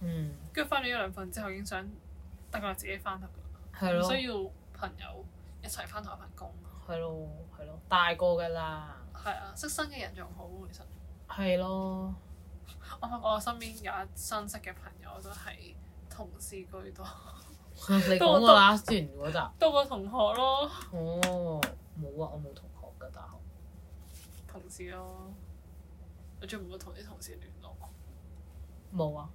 嗯，跟住翻咗一兩份之後，已經想得我自己翻台啦，唔對咯 需要朋友一齊翻台份工。係咯，係咯，大個㗎啦。係啊，識新嘅人仲好，其實係對咯。我我身邊有新識嘅朋友都係同事居多。啊、你講啦 都，之前嗰集多過同學咯。哦，冇啊，我冇同學㗎。同事咯，喔，我仲唔會同啲同事聯絡。冇啊。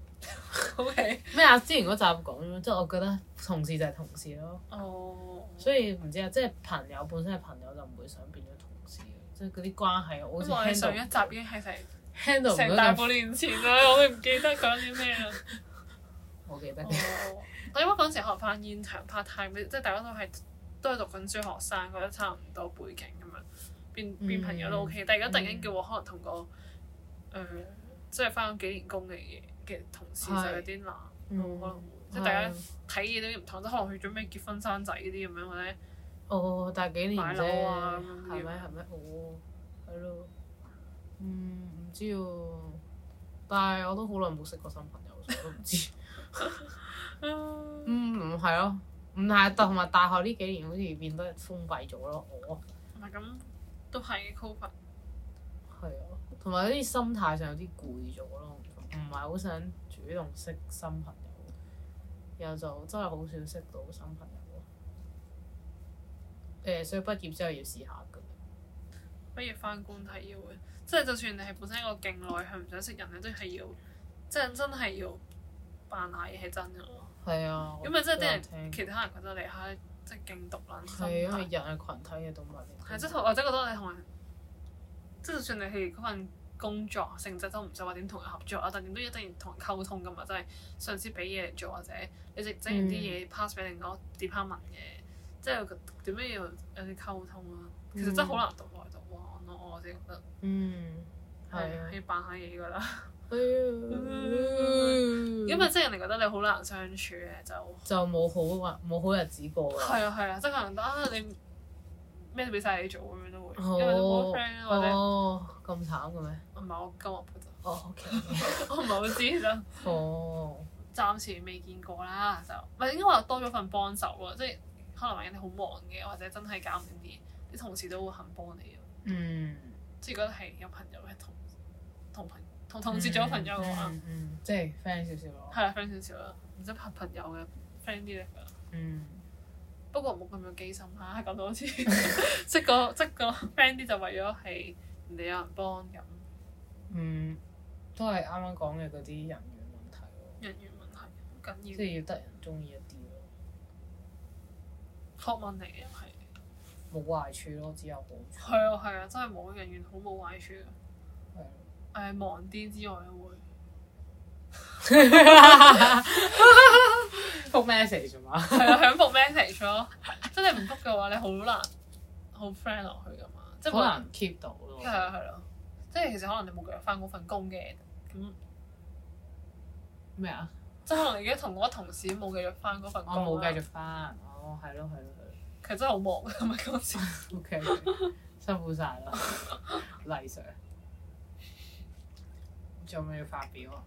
O K。咩啊？之前嗰集講咗，即、就、係、是、我覺得同事就係同事咯。哦。Oh, oh, oh. 所以唔知啊，即係朋友本身係朋友，朋友就唔會想變咗同事。即係嗰啲關係，我好似上一集已經係成聽到成大半年前啦，我都唔記得講啲咩啊？ 我記得。我、oh, oh. 因為嗰陣時可能拍現場 part time，即係大家都係都係讀緊書學生，覺得差唔多背景。變變朋友都 OK，但係而家突然間叫我可能同個誒，即係翻咗幾年工嘅嘅同事，就有啲難，可能即係大家睇嘢都唔同，即可能佢準備結婚生仔嗰啲咁樣，或者哦但大幾年買樓啊，係咪係咪好係咯？嗯，唔知喎。但係我都好耐冇識過新朋友，我都唔知。 嗯，唔係咯，唔係同埋大學呢幾年好似變得封閉咗咯。我咪咁。都係嘅 cover。係啊，同埋嗰啲心態上有啲攰咗咯，唔係好想主動識新朋友，然後就真係好少識到新朋友咯。誒、欸，所以畢業之後要試下㗎。畢業翻工體要嘅，即係就算你係本身一個勁耐，係唔想識人咧，都、就、係、是、要，即、就、係、是、真係要扮下嘢係真嘅咯。係啊，咁咪即係啲人，其他人覺得你嚇，即係勁毒啦，心態，係人嘅群體嘅動物嚟。係即係或者覺得你同人，即係就算你係嗰份工作性質都唔使話點同人合作啊，但點都一定要同人溝通噶嘛。即係上司俾嘢嚟做，或者你整整完啲嘢 pass 俾另外 department 嘅，mm. 即係點樣要有啲溝通啊。Mm. 其實真係好難獨來獨往咯，我自己覺得。嗯，係要扮下嘢㗎啦。嗯、因為即係人哋覺得你好難相處嘅，就就冇好冇好日子過嘅。係啊係啊，即係可能得你咩都俾晒你做咁樣都會，哦、因為都冇 friend 或者。哦，咁慘嘅咩？唔係我今日我唔係好知啦。哦，暫時未見過啦，就唔係應該話多咗份幫手咯，即係可能話人哋好忙嘅，或者真係搞唔掂啲嘢，啲同事都會肯幫你，嗯，嗯。即係覺得係有朋友係同同朋。同同事做朋友嘅話，嗯，嗯，嗯即係 friend 少少咯。係啊，friend 少少啦，唔、嗯、使、嗯嗯、拍朋友嘅 friend 啲嚟噶。嗯，不過冇咁樣機心嚇，講多次， 即識個識 friend 啲就為咗係人哋有人幫咁。嗯，都係啱啱講嘅嗰啲人緣問題。人緣問題緊要。即係要得人中意一啲咯。學問嚟嘅係。冇壞處咯，只有好處。係啊係啊，真係冇人緣好冇壞處。誒，忙啲之外會 吧，會覆 message 嘛？係啊，響覆 message 咯。真係唔覆嘅話，你好難好 friend 落去噶嘛？即係好難 keep 到咯。係啊，係咯。即係、嗯、其實可能你冇繼續返嗰份工嘅咁咩啊？即係可能而家同嗰同事冇繼續返嗰份。我冇繼續返。哦，係咯，係咯、哦，其實真係好忙，係咪講笑？O、okay, K，辛苦晒啦，黎 Sir。仲有冇要發表啊？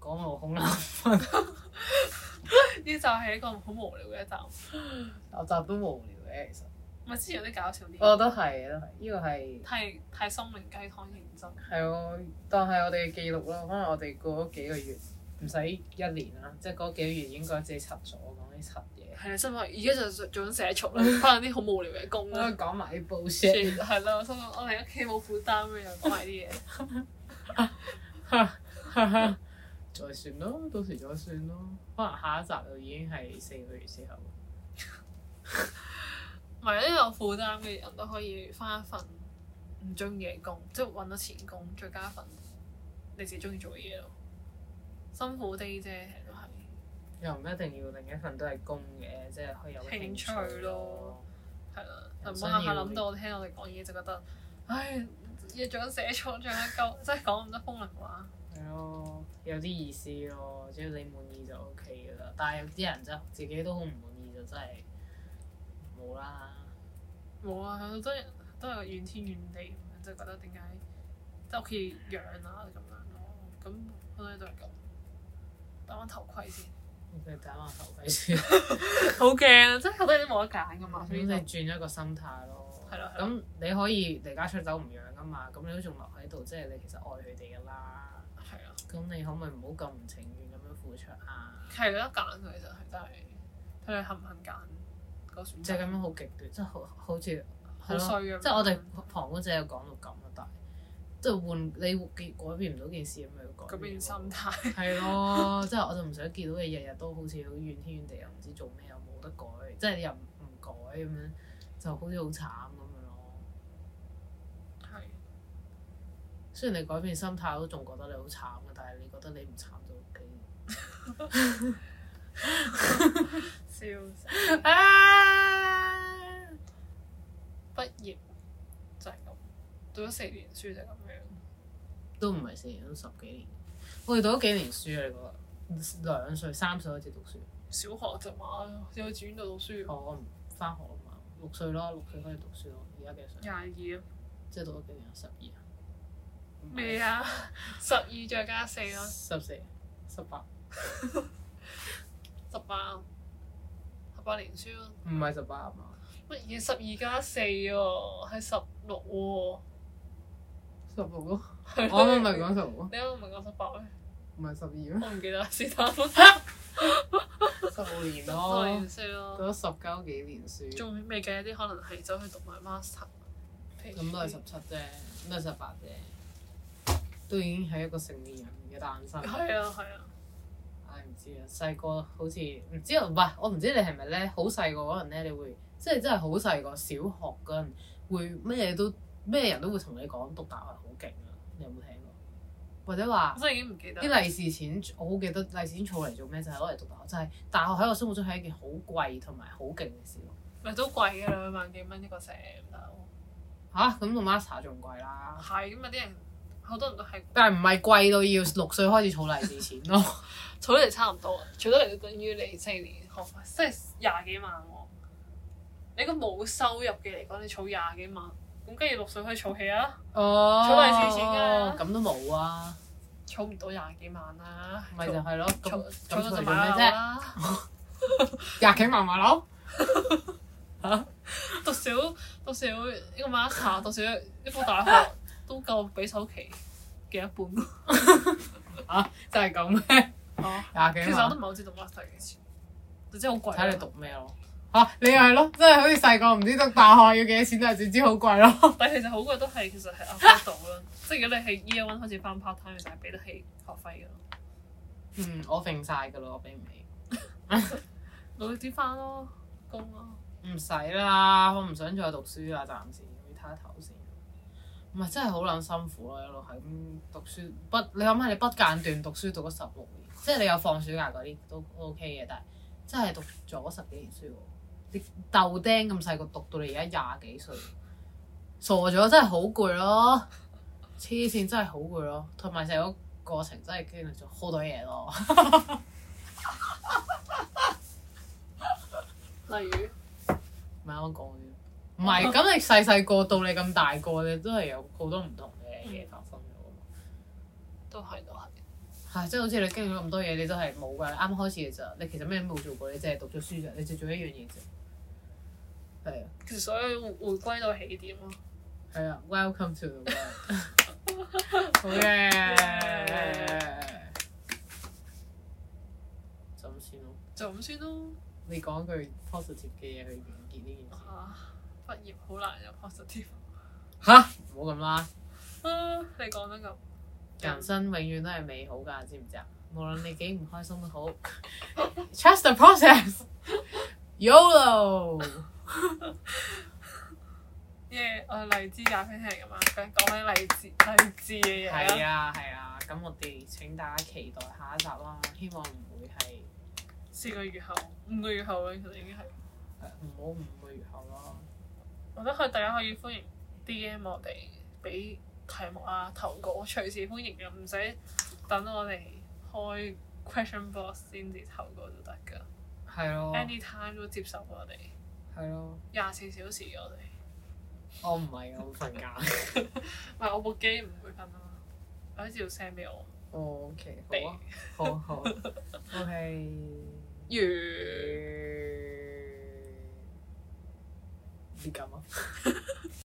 講無窮諗呢集係一個好無聊嘅一集。 我一集都無聊嘅，其實。我之前都搞笑啲。我都係，都係，依、這個係。係太，太心靈雞湯認真。係咯、啊，但係我哋嘅記錄咯，可能我哋過咗幾個月，唔使一年啦，即係嗰幾個月應該自己拆咗講啲柒。係啊，辛苦！而家就做緊社畜啦，翻緊啲好無聊嘅工啦，講埋啲報 sheet。係啦，辛苦！我哋屋企冇負擔嘅人講埋啲嘢。再算咯，到時再算咯。可能下一集就已經係四個月之後。唔係，啲有負擔嘅人都可以翻一份唔中意嘅工，即係揾到錢工，再加一份你自己中意做嘅嘢咯。辛苦啲啫，都係。又唔一定要另一份都係工嘅，即係可以有個興趣咯。係啦、哦，唔好下下諗到。我聽我哋講嘢就覺得，唉、哎，又想寫錯，想一鳩，即係講咁多風涼話。係咯、嗯，有啲意思咯，只要你滿意就 O K 㗎喇。但係有啲人就自己都好唔滿意就真係冇啦。冇啊！好多人都係怨天怨地咁樣，就覺得點解即係屋企養啊咁樣咯。咁好多嘢都係咁。戴翻頭盔先。你打下頭費事， 好驚，真係覺得你都冇得揀噶嘛。咁你轉一個心態咯。係咯，咁你可以離家出走唔養噶嘛，咁你都仲留喺度，即係你其實愛佢哋噶啦。係啊了。咁你可唔可以唔好咁唔情願咁樣付出啊？係有得揀，其實係真係睇你肯唔肯揀個選擇。即係咁樣好極端，即係好好似好衰即係我哋旁觀者有講到咁啊，但就換你改變、就是、改變唔到件事咁樣改，改變心態。係咯，即係我就唔想見到你日日都好似好怨天怨地又唔知做咩又冇得改，即係你又唔唔改咁樣，就好似好慘咁樣咯。係、嗯。是的 雖然你改變心態，都仲覺得你好慘嘅，但係你覺得你唔慘就 OK。笑啊！畢業。讀咗四年書就咁樣，都唔係四年，都十幾年。我、哦、哋讀咗幾年書啊？你講兩歲、三歲開始讀書，小學啫嘛，幼稚園度讀書。哦，返學啊嘛，六歲咯，六歲開始讀書咯。而家幾歲？廿二？即係讀咗幾年？十二啊，未麼 啊？十二再加四啊？十四，十八，十八，十八年書咯、啊。唔係十八啊嘛？乜嘢十二加四喎？係十六喎？十六咯，我啱啱咪講十六。你啱啱問我十八咩？唔係十二咩？我唔記得啦，是但啦。十年咯，讀咗十九幾年書。仲未計啲可能係走去讀埋 master。咁都係十七啫，咁係十八啫，都已經係一個成年人嘅誕生。係啊係啊，唉唔、哎、知啊，細個好似唔知唔係我唔知你係咪咧？好細個嗰陣咧，你會即係真係好細個，小學嗰陣會咩都咩人都會同你講讀大學。勁啊！你有冇聽過？或者話，真係已經唔記得啲利是錢，我好記得利是錢儲嚟做咩？就係攞嚟讀大學，就係、是、大學喺我生活中係一件好貴同埋好勁嘅事。咪都貴嘅兩萬幾蚊一個、啊、semester 吓！咁同 master 仲貴啦。係咁啊！啲人好多人都係，但係唔係貴到要六歲開始儲利是錢咯？儲得嚟差唔多，儲得嚟都等於你四年學費，即係廿幾萬喎、啊。你個冇收入嘅嚟講，你儲廿幾萬。咁跟住六歲可以儲起啊！哦，儲嚟存錢㗎，咁都冇啊！儲唔到廿幾萬啦，咪就係咯，儲儲到幾多啫？廿幾萬買樓嚇？讀小讀小一個 master，讀小一個大學都夠俾首期嘅一半咯，就係咁咩？嚇？廿幾？其實我都唔係好知讀 master 幾錢，就真係好貴。睇你讀咩咯？嚇、啊！你又係咯，真係好似細個唔知讀大學要幾多錢都，就先知好貴咯。但其實好貴都係其實係壓唔到咯，即係如果你係 year one 開始翻 part time，就係俾得起學費咯。嗯，我揈曬㗎啦，我俾唔起。努力啲翻咯，工咯。唔使啦，我唔想再讀書啦，暫時要睇下頭先。唔係真係好撚辛苦咯，一路係咁讀書不？你諗下你不間斷讀書讀咗十六年，即係你有放暑假嗰啲都 OK 嘅，但係真係讀咗十幾年書喎。豆丁咁細個讀到你而家廿幾歲，傻咗真係好攰咯，黐線真係好攰咯，同埋成個過程真係經歷咗好多嘢咯。 例如，唔係啊我講嘅，唔係咁你細細個到你咁大個你都係有好多唔同嘅嘢發生嘅。都係都係，係即係好似你經歷咗咁多嘢，你都係冇噶，你啱開始嘅時候，你其實咩都冇做過，你淨係讀咗書啫，你淨做一樣嘢啫。係啊，其實所以回歸到起點咯。係啊，Welcome to the world，好嘅，就咁先咯，就咁先咯。你講句 positive 嘅嘢去總結呢件事啊。畢業好難有 positive 吓？唔好咁啦。 你講得咁人生永遠都係美好㗎，知唔知啊？無論你幾唔開心都好 ，trust the process，YOLO。 因耶！ yeah, 我係荔枝咖啡廳㗎嘛，講緊荔枝荔枝嘅嘢。係啊係啊，咁我哋請大家期待下一集啦。希望唔會係四個月後、五個月後啊，其實已經係。唔好五個月後咯。我覺得佢大家可以歡迎 D.M 我哋俾題目啊，投稿隨時歡迎嘅，唔使等我哋開 question box 先至投稿都得噶。係咯、啊。Anytime 都接受我哋。係咯，廿四小時我哋、oh, okay。我唔係咁瞓覺，唔係我部機唔會瞓啊嘛，要 send 俾我。OK，好啊，好好，我係完，okay，你敢啊。